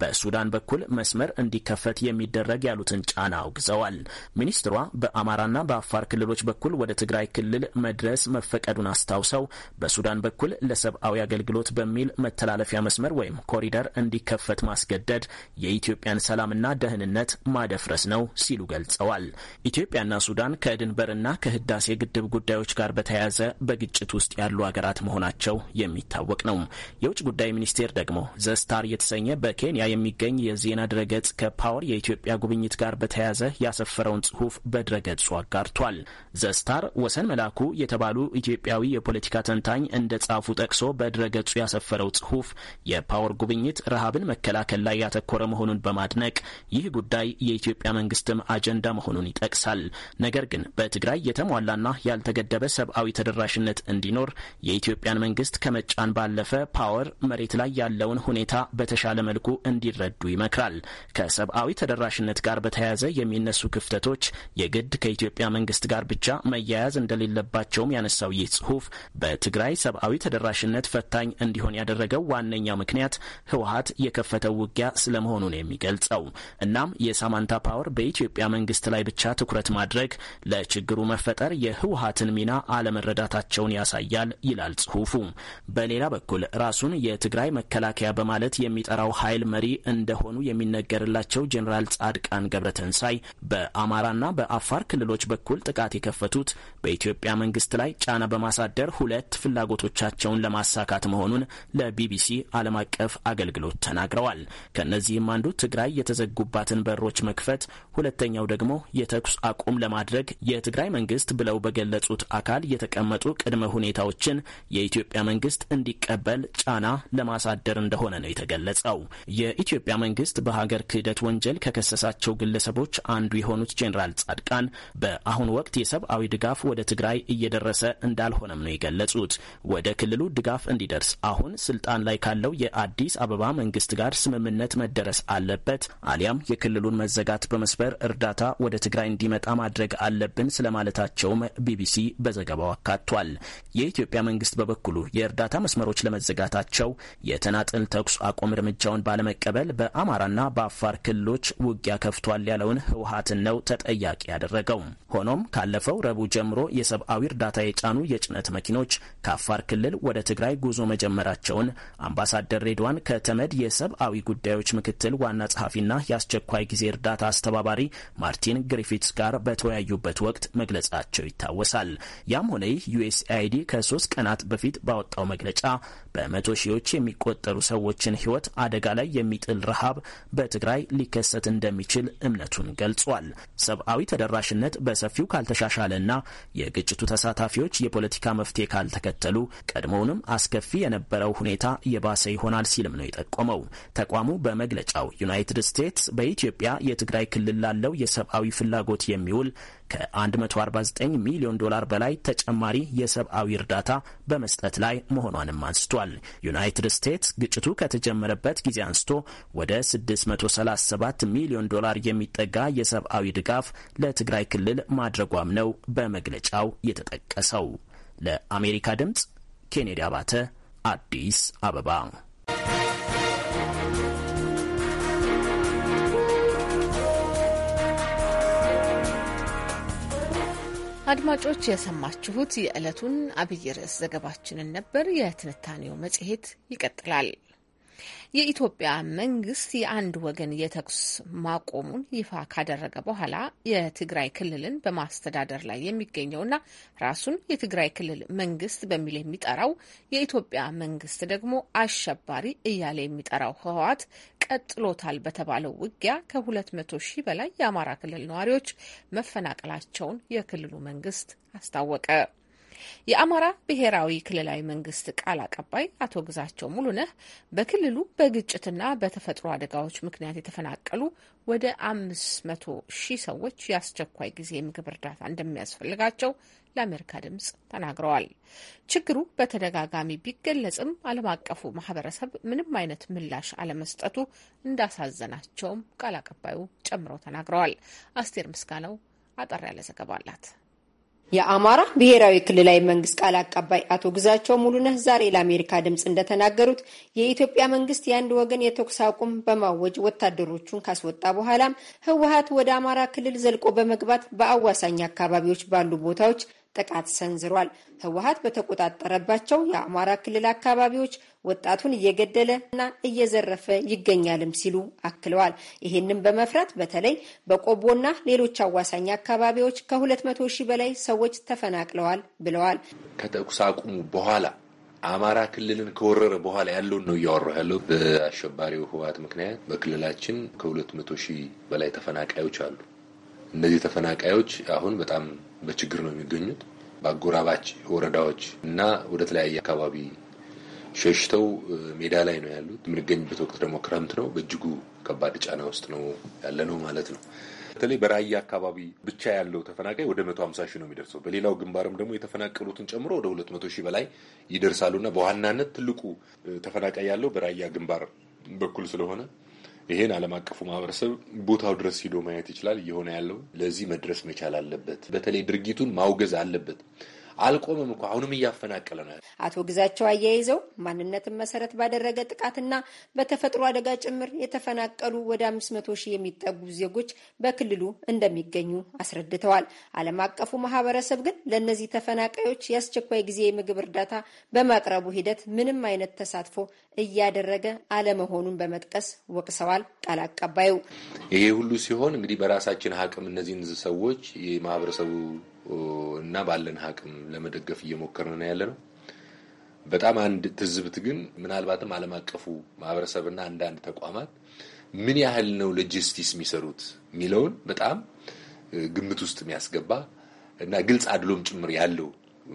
Speaker 5: በሱዳን በኩል መስመር እንዲከፈት የሚደረግ ያሉትን ጫና አውግዘዋል። ሚኒስትሯ በአማራና በአፋር ክልሎች በኩል ወደ ትግራይ ክልል መድረስ መፈቀዱን አስታውሰው በሱዳን በኩል ለሰብአዊ አገልግሎት በሚል መተላለፊያ መስመር ወይም ኮሪደር እንዲከፈት ማስገደድ የኢትዮጵያን ሰላምና ደህንነት ማደፍረስ ነው ሲሉ ገልጸዋል። ኢትዮጵያና ሱዳን ከድንበርና ከህዳሴ ግድብ ጉዳዮች ጋር በተያያዘ በግጭት ውስጥ ያሉ ሀገራት መሆናቸው የሚታወቅ ነው። የውጭ ጉዳይ ሚኒስቴር ደግሞ ዘስታር የተሰኘ በኬንያ የሚገኝ የዜና ድረገጽ ከፓወር የኢትዮጵያ ጉብኝት ጋር በተያያዘ ያሰፈረውን ጽሁፍ በድረገጹ አጋርቷል። ዘስታር ወሰን መላኩ የተባሉ ኢትዮጵያዊ የፖለቲካ ተንታኝ እንደ ጻፉ ጠቅሶ በድረገጹ ያሰፈረው ጽሁፍ የፓወር ፓወር ጉብኝት ረሃብን መከላከል ላይ ያተኮረ መሆኑን በማድነቅ ይህ ጉዳይ የኢትዮጵያ መንግስትም አጀንዳ መሆኑን ይጠቅሳል። ነገር ግን በትግራይ የተሟላና ያልተገደበ ሰብአዊ ተደራሽነት እንዲኖር የኢትዮጵያን መንግስት ከመጫን ባለፈ ፓወር መሬት ላይ ያለውን ሁኔታ በተሻለ መልኩ እንዲረዱ ይመክራል። ከሰብአዊ ተደራሽነት ጋር በተያያዘ የሚነሱ ክፍተቶች የግድ ከኢትዮጵያ መንግስት ጋር ብቻ መያያዝ እንደሌለባቸውም ያነሳው ይህ ጽሁፍ በትግራይ ሰብአዊ ተደራሽነት ፈታኝ እንዲሆን ያደረገው ዋነኛው ምክንያት ህወሀት የከፈተው ውጊያ ስለመሆኑን የሚገልጸው። እናም የሳማንታ ፓወር በኢትዮጵያ መንግስት ላይ ብቻ ትኩረት ማድረግ ለችግሩ መፈጠር የህወሀትን ሚና አለመረዳታቸውን ያሳያል ይላል ጽሁፉ። በሌላ በኩል ራሱን የትግራይ መከላከያ በማለት የሚጠራው ኃይል መሪ እንደሆኑ የሚነገርላቸው ጀኔራል ጻድቃን ገብረተንሳይ በአማራና በአፋር ክልሎች በኩል ጥቃት የከፈቱት በኢትዮጵያ መንግስት ላይ ጫና በማሳደር ሁለት ፍላጎቶቻቸውን ለማሳካት መሆኑን ለቢቢሲ ዓለም አቀፍ አቀፍ አገልግሎት ተናግረዋል። ከእነዚህም አንዱ ትግራይ የተዘጉባትን በሮች መክፈት፣ ሁለተኛው ደግሞ የተኩስ አቁም ለማድረግ የትግራይ መንግስት ብለው በገለጹት አካል የተቀመጡ ቅድመ ሁኔታዎችን የኢትዮጵያ መንግስት እንዲቀበል ጫና ለማሳደር እንደሆነ ነው የተገለጸው። የኢትዮጵያ መንግስት በሀገር ክህደት ወንጀል ከከሰሳቸው ግለሰቦች አንዱ የሆኑት ጄኔራል ጻድቃን በአሁኑ ወቅት የሰብአዊ ድጋፍ ወደ ትግራይ እየደረሰ እንዳልሆነም ነው የገለጹት። ወደ ክልሉ ድጋፍ እንዲደርስ አሁን ስልጣን ላይ ካለው የአዲ ከአዲስ አበባ መንግስት ጋር ስምምነት መደረስ አለበት፣ አሊያም የክልሉን መዘጋት በመስበር እርዳታ ወደ ትግራይ እንዲመጣ ማድረግ አለብን ስለማለታቸውም ቢቢሲ በዘገባው አካቷል። የኢትዮጵያ መንግስት በበኩሉ የእርዳታ መስመሮች ለመዘጋታቸው የተናጥል ተኩስ አቁም እርምጃውን ባለመቀበል በአማራና በአፋር ክልሎች ውጊያ ከፍቷል ያለውን ህወሀትን ነው ተጠያቂ ያደረገው። ሆኖም ካለፈው ረቡዕ ጀምሮ የሰብአዊ እርዳታ የጫኑ የጭነት መኪኖች ከአፋር ክልል ወደ ትግራይ ጉዞ መጀመራቸውን አምባሳደር ሬድዋ መያዟን ከተመድ የሰብአዊ ጉዳዮች ምክትል ዋና ጸሐፊና የአስቸኳይ ጊዜ እርዳታ አስተባባሪ ማርቲን ግሪፊትስ ጋር በተወያዩበት ወቅት መግለጻቸው ይታወሳል። ያም ሆነ ይህ ዩኤስአይዲ ከሶስት ቀናት በፊት ባወጣው መግለጫ በመቶ ሺዎች የሚቆጠሩ ሰዎችን ሕይወት አደጋ ላይ የሚጥል ረሃብ በትግራይ ሊከሰት እንደሚችል እምነቱን ገልጿል። ሰብአዊ ተደራሽነት በሰፊው ካልተሻሻለና የግጭቱ ተሳታፊዎች የፖለቲካ መፍትሄ ካልተከተሉ ቀድሞውንም አስከፊ የነበረው ሁኔታ የባሰ ይሆናል ሲልም ነው የጠቆመው። ተቋሙ በመግለጫው ዩናይትድ ስቴትስ በኢትዮጵያ የትግራይ ክልል ላለው የሰብአዊ ፍላጎት የሚውል ከ149 ሚሊዮን ዶላር በላይ ተጨማሪ የሰብአዊ እርዳታ በመስጠት ላይ መሆኗንም አንስቷል። ዩናይትድ ስቴትስ ግጭቱ ከተጀመረበት ጊዜ አንስቶ ወደ 637 ሚሊዮን ዶላር የሚጠጋ የሰብአዊ ድጋፍ ለትግራይ ክልል ማድረጓም ነው በመግለጫው የተጠቀሰው። ለአሜሪካ ድምፅ ኬኔዲ አባተ አዲስ አበባ
Speaker 1: አድማጮች የሰማችሁት የዕለቱን አብይ ርዕስ ዘገባችንን ነበር። የትንታኔው መጽሔት ይቀጥላል። የኢትዮጵያ መንግስት የአንድ ወገን የተኩስ ማቆሙን ይፋ ካደረገ በኋላ የትግራይ ክልልን በማስተዳደር ላይ የሚገኘውና ራሱን የትግራይ ክልል መንግስት በሚል የሚጠራው የኢትዮጵያ መንግስት ደግሞ አሸባሪ እያለ የሚጠራው ህወሓት ቀጥሎታል በተባለው ውጊያ ከ200 ሺህ በላይ የአማራ ክልል ነዋሪዎች መፈናቀላቸውን የክልሉ መንግስት አስታወቀ። የአማራ ብሔራዊ ክልላዊ መንግስት ቃል አቀባይ አቶ ግዛቸው ሙሉነህ በክልሉ በግጭትና በተፈጥሮ አደጋዎች ምክንያት የተፈናቀሉ ወደ አምስት መቶ ሺህ ሰዎች የአስቸኳይ ጊዜ የምግብ እርዳታ እንደሚያስፈልጋቸው ለአሜሪካ ድምጽ ተናግረዋል። ችግሩ በተደጋጋሚ ቢገለጽም ዓለም አቀፉ ማህበረሰብ ምንም አይነት ምላሽ አለመስጠቱ እንዳሳዘናቸውም ቃል አቀባዩ ጨምረው ተናግረዋል። አስቴር ምስጋናው አጠር ያለ ዘገባ አላት።
Speaker 6: የአማራ ብሔራዊ ክልላዊ መንግስት ቃል አቀባይ አቶ ግዛቸው ሙሉነህ ዛሬ ለአሜሪካ ድምፅ እንደተናገሩት የኢትዮጵያ መንግስት የአንድ ወገን የተኩስ አቁም በማወጅ ወታደሮቹን ካስወጣ በኋላም ህወሀት ወደ አማራ ክልል ዘልቆ በመግባት በአዋሳኝ አካባቢዎች ባሉ ቦታዎች ጥቃት ሰንዝሯል። ህወሀት በተቆጣጠረባቸው የአማራ ክልል አካባቢዎች ወጣቱን እየገደለ እና እየዘረፈ ይገኛልም ሲሉ አክለዋል። ይህንም በመፍራት በተለይ በቆቦና ሌሎች አዋሳኝ አካባቢዎች ከሁለት መቶ ሺህ በላይ ሰዎች ተፈናቅለዋል ብለዋል።
Speaker 2: ከተኩስ አቁሙ በኋላ አማራ ክልልን ከወረረ በኋላ ያለውን ነው እያወራ ያለው። በአሸባሪው ህወሀት ምክንያት በክልላችን ከሁለት መቶ ሺህ በላይ ተፈናቃዮች አሉ። እነዚህ ተፈናቃዮች አሁን በጣም በችግር ነው የሚገኙት። በአጎራባች ወረዳዎች እና ወደ ተለያየ አካባቢ ሸሽተው ሜዳ ላይ ነው ያሉት። የምንገኝበት ወቅት ደግሞ ክረምት ነው። በእጅጉ ከባድ ጫና ውስጥ ነው ያለ ነው ማለት ነው። በተለይ በራያ አካባቢ ብቻ ያለው ተፈናቃይ ወደ መቶ ሀምሳ ሺህ ነው የሚደርሰው። በሌላው ግንባርም ደግሞ የተፈናቀሉትን ጨምሮ ወደ ሁለት መቶ ሺህ በላይ ይደርሳሉና በዋናነት ትልቁ ተፈናቃይ ያለው በራያ ግንባር በኩል ስለሆነ ይሄን ዓለም አቀፉ ማህበረሰብ ቦታው ድረስ ሂዶ ማየት ይችላል። እየሆነ ያለው ለዚህ መድረስ መቻል አለበት። በተለይ ድርጊቱን ማውገዝ አለበት። አልቆምም እኮ አሁንም እያፈናቀለ ነው።
Speaker 6: አቶ ግዛቸው አያይዘው ማንነትን መሰረት ባደረገ ጥቃትና በተፈጥሮ አደጋ ጭምር የተፈናቀሉ ወደ አምስት መቶ ሺህ የሚጠጉ ዜጎች በክልሉ እንደሚገኙ አስረድተዋል። ዓለም አቀፉ ማህበረሰብ ግን ለእነዚህ ተፈናቃዮች የአስቸኳይ ጊዜ የምግብ እርዳታ በማቅረቡ ሂደት ምንም አይነት ተሳትፎ እያደረገ አለመሆኑን በመጥቀስ ወቅሰዋል። ቃል አቀባዩ
Speaker 2: ይሄ ሁሉ ሲሆን እንግዲህ በራሳችን አቅም እነዚህን ሰዎች የማህበረሰቡ እና ባለን አቅም ለመደገፍ እየሞከርን ነው ያለ ነው። በጣም አንድ ትዝብት ግን ምናልባትም ዓለም አቀፉ ማህበረሰብና አንዳንድ ተቋማት ምን ያህል ነው ለጀስቲስ የሚሰሩት የሚለውን በጣም ግምት ውስጥ የሚያስገባ እና ግልጽ አድሎም ጭምር ያለው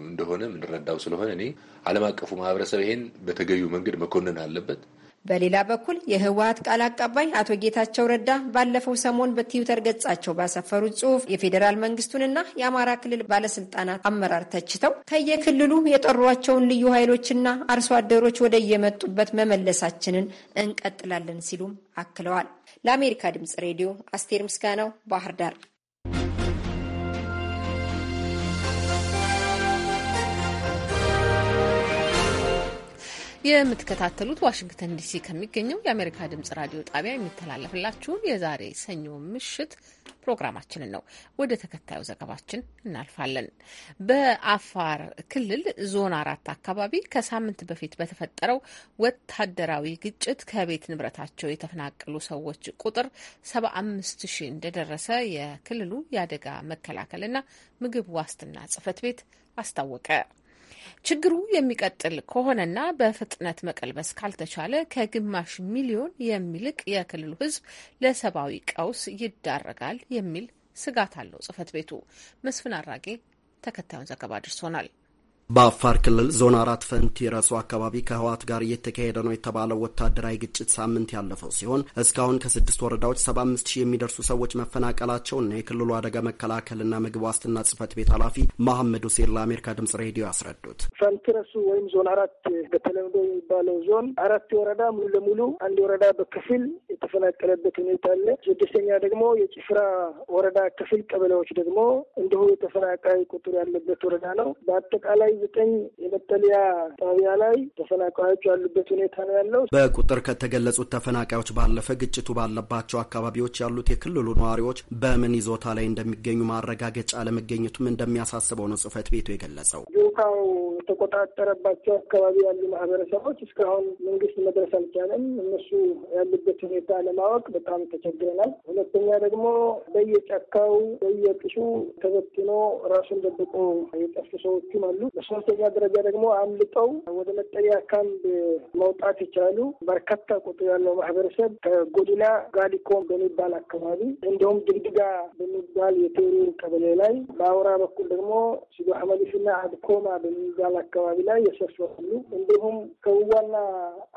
Speaker 2: እንደሆነ የምንረዳው ስለሆነ እኔ ዓለም አቀፉ ማህበረሰብ ይሄን በተገቢው መንገድ መኮንን አለበት።
Speaker 6: በሌላ በኩል የህወሀት ቃል አቀባይ አቶ ጌታቸው ረዳ ባለፈው ሰሞን በትዊተር ገጻቸው ባሰፈሩት ጽሁፍ የፌዴራል መንግስቱንና የአማራ ክልል ባለስልጣናት አመራር ተችተው ከየክልሉ የጠሯቸውን ልዩ ኃይሎችና አርሶ አደሮች ወደ የመጡበት መመለሳችንን እንቀጥላለን ሲሉም አክለዋል። ለአሜሪካ ድምጽ ሬዲዮ አስቴር ምስጋናው ባህር ዳር
Speaker 1: የምትከታተሉት ዋሽንግተን ዲሲ ከሚገኘው የአሜሪካ ድምጽ ራዲዮ ጣቢያ የሚተላለፍላችሁን የዛሬ ሰኞ ምሽት ፕሮግራማችንን ነው። ወደ ተከታዩ ዘገባችን እናልፋለን። በአፋር ክልል ዞን አራት አካባቢ ከሳምንት በፊት በተፈጠረው ወታደራዊ ግጭት ከቤት ንብረታቸው የተፈናቀሉ ሰዎች ቁጥር ሰባ አምስት ሺህ እንደደረሰ የክልሉ የአደጋ መከላከልና ምግብ ዋስትና ጽህፈት ቤት አስታወቀ። ችግሩ የሚቀጥል ከሆነና በፍጥነት መቀልበስ ካልተቻለ ከግማሽ ሚሊዮን የሚልቅ የክልሉ ሕዝብ ለሰብአዊ ቀውስ ይዳረጋል የሚል ስጋት አለው ጽህፈት ቤቱ። መስፍን አራጌ ተከታዩን ዘገባ አድርሶናል።
Speaker 7: በአፋር ክልል ዞን አራት ፈንቲ ረሱ አካባቢ ከህወሓት ጋር እየተካሄደ ነው የተባለው ወታደራዊ ግጭት ሳምንት ያለፈው ሲሆን እስካሁን ከስድስት ወረዳዎች ሰባ አምስት ሺህ የሚደርሱ ሰዎች መፈናቀላቸውን የክልሉ አደጋ መከላከልና ምግብ ዋስትና ጽህፈት ቤት ኃላፊ መሐመድ ሁሴን ለአሜሪካ ድምጽ ሬዲዮ
Speaker 8: ያስረዱት። ፈንቲ ረሱ ወይም ዞን አራት በተለምዶ የሚባለው ዞን አራት ወረዳ ሙሉ ለሙሉ አንድ ወረዳ በከፊል የተፈናቀለበት ሁኔታ አለ። ስድስተኛ ደግሞ የጭፍራ ወረዳ ክፍል ቀበሌዎች ደግሞ እንዲሁ የተፈናቃይ ቁጥር ያለበት ወረዳ ነው። በአጠቃላይ ዘጠኝ የመጠለያ ጣቢያ ላይ ተፈናቃዮች ያሉበት ሁኔታ ነው ያለው።
Speaker 7: በቁጥር ከተገለጹት ተፈናቃዮች ባለፈ ግጭቱ ባለባቸው አካባቢዎች ያሉት የክልሉ ነዋሪዎች በምን ይዞታ ላይ እንደሚገኙ ማረጋገጫ አለመገኘቱም እንደሚያሳስበው ነው ጽህፈት ቤቱ የገለጸው።
Speaker 9: ጆካው
Speaker 8: የተቆጣጠረባቸው አካባቢ ያሉ ማህበረሰቦች እስካሁን መንግስት መድረስ አልቻለም። እነሱ ያሉበት ሁኔታ ለማወቅ በጣም ተቸግረናል። ሁለተኛ ደግሞ በየጫካው በየቅሱ ተበትኖ ራሱን ደብቆ የጠፉ ሰዎችም አሉ። በሶስተኛ ደረጃ ደግሞ አምልጠው ወደ መጠለያ ካምፕ መውጣት የቻሉ በርካታ ቁጥር ያለው ማህበረሰብ ከጎዲና ጋሊኮ በሚባል አካባቢ እንዲሁም ድግድጋ በሚባል የቴሪን ቀበሌ ላይ በአውራ በኩል ደግሞ ሲዶ ሐመሊፍና አድኮማ በሚባል አካባቢ ላይ የሰፈሉ እንዲሁም ከውዋና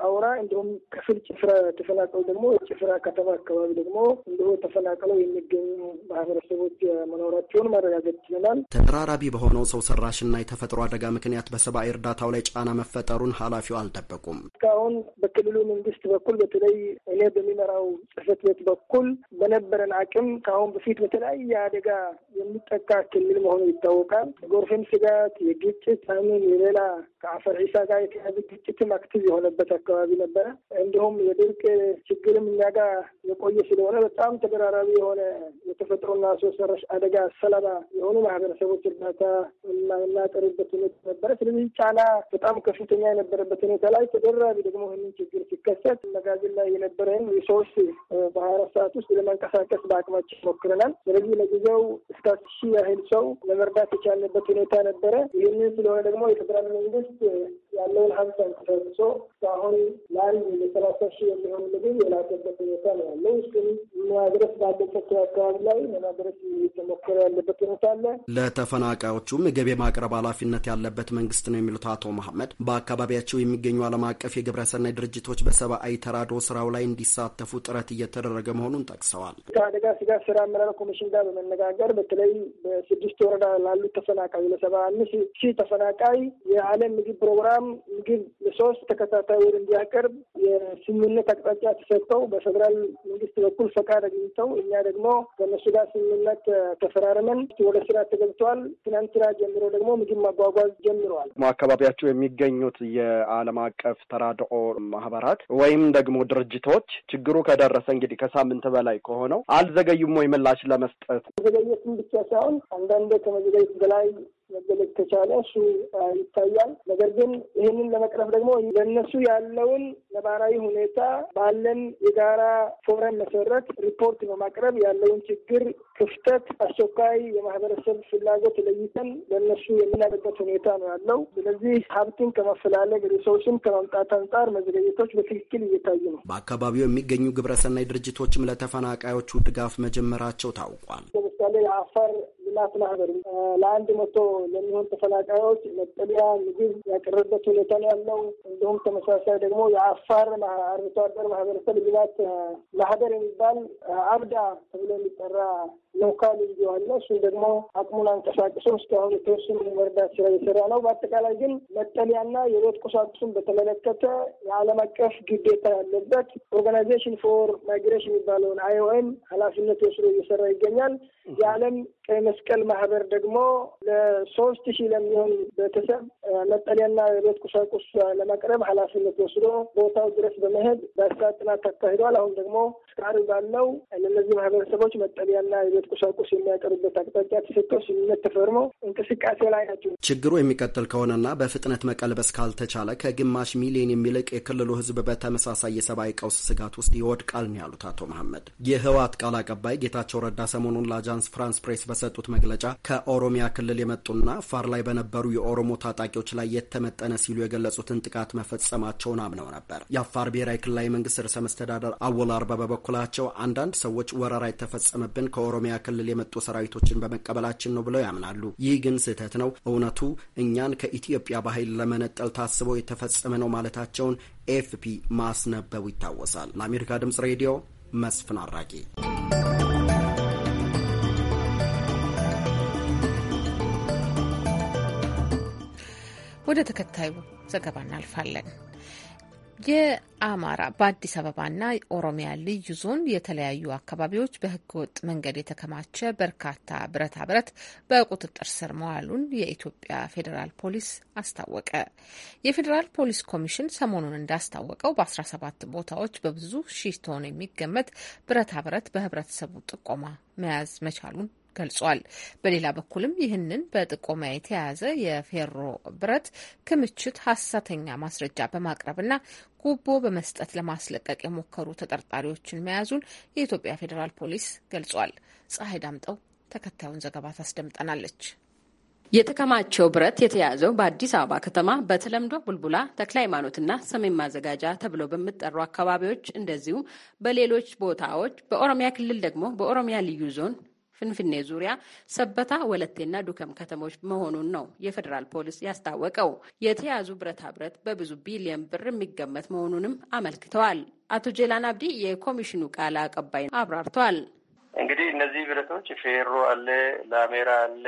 Speaker 8: አውራ እንዲሁም ክፍል ጭፍራ ተፈናቀሉ ደግሞ ጭፍራ ከተማ አካባቢ ደግሞ እንዲሁ ተፈናቅለው የሚገኙ ማህበረሰቦች መኖራቸውን ማረጋገጥ ችለናል።
Speaker 7: ተደራራቢ በሆነው ሰው ሰራሽና የተፈጥሮ አደ አደጋ ምክንያት በሰብአዊ እርዳታው ላይ ጫና መፈጠሩን ኃላፊው አልጠበቁም።
Speaker 8: እስካሁን በክልሉ መንግስት በኩል በተለይ እኔ በሚመራው ጽህፈት ቤት በኩል በነበረን አቅም ከአሁን በፊት በተለያየ አደጋ የሚጠቃ ክልል መሆኑ ይታወቃል። ጎርፍም ስጋት፣ የግጭት አምን የሌላ ከአፈር ሒሳ ጋር የተያዘ ግጭትም አክቲቭ የሆነበት አካባቢ ነበረ። እንዲሁም የድርቅ ችግርም እኛ ጋር የቆየ ስለሆነ በጣም ተደራራቢ የሆነ የተፈጥሮና ሰው ሰራሽ አደጋ ሰለባ የሆኑ ማህበረሰቦች እርዳታ የማናቀርበት ነበረ። ስለዚህ ጫና በጣም ከፍተኛ የነበረበት ሁኔታ ላይ ተደራቢ ደግሞ ህንን ችግር ሲከሰት መጋዘን ላይ የነበረን ሪሶርስ በሀያ አራት ሰዓት ውስጥ ለመንቀሳቀስ በአቅማችን ሞክረናል። ስለዚህ ለጊዜው እስከ አስር ሺህ ያህል ሰው ለመርዳት የቻለበት ሁኔታ ነበረ። ይህንን ስለሆነ ደግሞ የፌዴራል መንግስት ያለውን ሀብት አንቀሳቅሶ እስካሁን ለአንድ ለሰላሳ ሺህ የሚሆን ምግብ የላቀበት ሁኔታ ነው ያለው። እሱም ማድረስ ባለበት አካባቢ ላይ ለማድረስ እየተሞከረ ያለበት ሁኔታ አለ።
Speaker 7: ለተፈናቃዮቹ ምግብ የማቅረብ ኃላፊነት ያለበት መንግስት ነው የሚሉት አቶ መሐመድ በአካባቢያቸው የሚገኙ ዓለም አቀፍ የግብረሰናይ ድርጅቶች በሰብአዊ ተራድኦ ስራው ላይ እንዲሳተፉ ጥረት እየተደረገ መሆኑን ጠቅሰዋል።
Speaker 8: ከአደጋ ስጋት ስራ አመራር ኮሚሽን ጋር በመነጋገር በተለይ በስድስት ወረዳ ላሉት ተፈናቃይ ለሰባ አምስት ሺህ ተፈናቃይ የዓለም ምግብ ፕሮግራም ምግብ ለሶስት ተከታታይ ወር እንዲያቀርብ የስምምነት አቅጣጫ ተሰጥተው በፌዴራል መንግስት በኩል ፈቃድ አግኝተው እኛ ደግሞ ከነሱ ጋር ስምምነት ተፈራርመን ወደ ስራ ተገብተዋል። ስራ ጀምሮ ደግሞ ምግብ ማጓጓዝ መያዝ ጀምረዋል።
Speaker 7: አካባቢያቸው የሚገኙት የዓለም አቀፍ ተራድኦ ማህበራት ወይም ደግሞ ድርጅቶች ችግሩ ከደረሰ እንግዲህ ከሳምንት በላይ ከሆነው አልዘገዩም ወይ ምላሽ ለመስጠት?
Speaker 8: መዘገየትም ብቻ ሳይሆን አንዳንዴ ከመዘገየት በላይ መገለጽ ከቻለ እሱ ይታያል። ነገር ግን ይህንን ለመቅረፍ ደግሞ ለእነሱ ያለውን ነባራዊ ሁኔታ ባለን የጋራ ፎረም መሰረት ሪፖርት በማቅረብ ያለውን ችግር፣ ክፍተት፣ አስቸኳይ የማህበረሰብ ፍላጎት ለይተን ለእነሱ የምናደበት ሁኔታ ነው ያለው። ስለዚህ ሀብትን ከመፈላለግ ሪሶርስን ከማምጣት አንጻር መዘጋጀቶች በትክክል እየታዩ ነው።
Speaker 7: በአካባቢው የሚገኙ ግብረሰናይ ድርጅቶችም ለተፈናቃዮቹ ድጋፍ መጀመራቸው ታውቋል።
Speaker 8: ለምሳሌ የአፋር ለአፍላ ሀገር ለአንድ መቶ ለሚሆን ተፈናቃዮች መጠለያ፣ ምግብ ያቀረበት ሁኔታ ነው ያለው። እንዲሁም ተመሳሳይ ደግሞ የአፋር አርብቶ አደር ማህበረሰብ ልማት ለሀገር የሚባል አብዳ ተብሎ የሚጠራ ሎካል እንዲሁ አለ። ደግሞ አቅሙን አንቀሳቅሶ እስካሁን የተወሰኑ መርዳት ስራ እየሰራ ነው። በአጠቃላይ ግን መጠለያና የቤት ቁሳቁሱን በተመለከተ የዓለም አቀፍ ግዴታ ያለበት ኦርጋናይዜሽን ፎር ማይግሬሽን የሚባለውን አይኦኤም ኃላፊነት ወስዶ እየሰራ ይገኛል። የዓለም ቀይ መስቀል ማህበር ደግሞ ለሶስት ሺህ ለሚሆን ቤተሰብ መጠለያና የቤት ቁሳቁስ ለማቅረብ ኃላፊነት ወስዶ ቦታው ድረስ በመሄድ በስራ ጥናት ተካሂዷል። አሁን ደግሞ ስካሪ ባለው ለእነዚህ ማህበረሰቦች መጠለያና የቤት ቁሳቁስ የሚያቀርብበት አቅጣጫ ተሰጥቶ ስምምነት ተፈርሞ እንቅስቃሴ ላይ ናቸው።
Speaker 7: ችግሩ የሚቀጥል ከሆነና በፍጥነት መቀልበስ ካልተቻለ ከግማሽ ሚሊዮን የሚልቅ የክልሉ ህዝብ በተመሳሳይ የሰብአዊ ቀውስ ስጋት ውስጥ ይወድቃል ነው ያሉት አቶ መሐመድ። የህወሓት ቃል አቀባይ ጌታቸው ረዳ ሰሞኑን ላጃ አጃንስ ፍራንስ ፕሬስ በሰጡት መግለጫ ከኦሮሚያ ክልል የመጡና አፋር ላይ በነበሩ የኦሮሞ ታጣቂዎች ላይ የተመጠነ ሲሉ የገለጹትን ጥቃት መፈጸማቸውን አምነው ነበር። የአፋር ብሔራዊ ክልላዊ መንግስት ርዕሰ መስተዳደር አወል አርባ በበኩላቸው አንዳንድ ሰዎች ወረራ የተፈጸመብን ከኦሮሚያ ክልል የመጡ ሰራዊቶችን በመቀበላችን ነው ብለው ያምናሉ። ይህ ግን ስህተት ነው። እውነቱ እኛን ከኢትዮጵያ ባህል ለመነጠል ታስቦ የተፈጸመ ነው ማለታቸውን ኤፍፒ ማስነበቡ ይታወሳል። ለአሜሪካ ድምጽ ሬዲዮ መስፍን አራቂ
Speaker 1: ወደ ተከታዩ ዘገባ እናልፋለን። የአማራ በአዲስ አበባና ኦሮሚያ ልዩ ዞን የተለያዩ አካባቢዎች በህገወጥ መንገድ የተከማቸ በርካታ ብረታ ብረት በቁጥጥር ስር መዋሉን የኢትዮጵያ ፌዴራል ፖሊስ አስታወቀ። የፌዴራል ፖሊስ ኮሚሽን ሰሞኑን እንዳስታወቀው በ17 ቦታዎች በብዙ ሺህ ቶን የሚገመት ብረታ ብረት በህብረተሰቡ ጥቆማ መያዝ መቻሉን ገልጿል። በሌላ በኩልም ይህንን በጥቆማ የተያዘ የፌሮ ብረት ክምችት ሀሰተኛ ማስረጃ በማቅረብና ጉቦ በመስጠት ለማስለቀቅ የሞከሩ ተጠርጣሪዎችን መያዙን የኢትዮጵያ ፌዴራል ፖሊስ ገልጿል። ፀሐይ ዳምጠው
Speaker 10: ተከታዩን ዘገባ ታስደምጠናለች። የተከማቸው ብረት የተያዘው በአዲስ አበባ ከተማ በተለምዶ ቡልቡላ፣ ተክለ ሃይማኖትና ሰሜን ማዘጋጃ ተብሎ በሚጠሩ አካባቢዎች እንደዚሁም በሌሎች ቦታዎች፣ በኦሮሚያ ክልል ደግሞ በኦሮሚያ ልዩ ዞን ፍንፍኔ ዙሪያ፣ ሰበታ፣ ወለቴና ዱከም ከተሞች መሆኑን ነው የፌዴራል ፖሊስ ያስታወቀው። የተያዙ ብረታ ብረት በብዙ ቢሊየን ብር የሚገመት መሆኑንም አመልክተዋል። አቶ ጄላን አብዲ የኮሚሽኑ ቃል አቀባይ አብራርተዋል።
Speaker 11: እንግዲህ እነዚህ ብረቶች ፌሮ አለ፣ ላሜራ አለ፣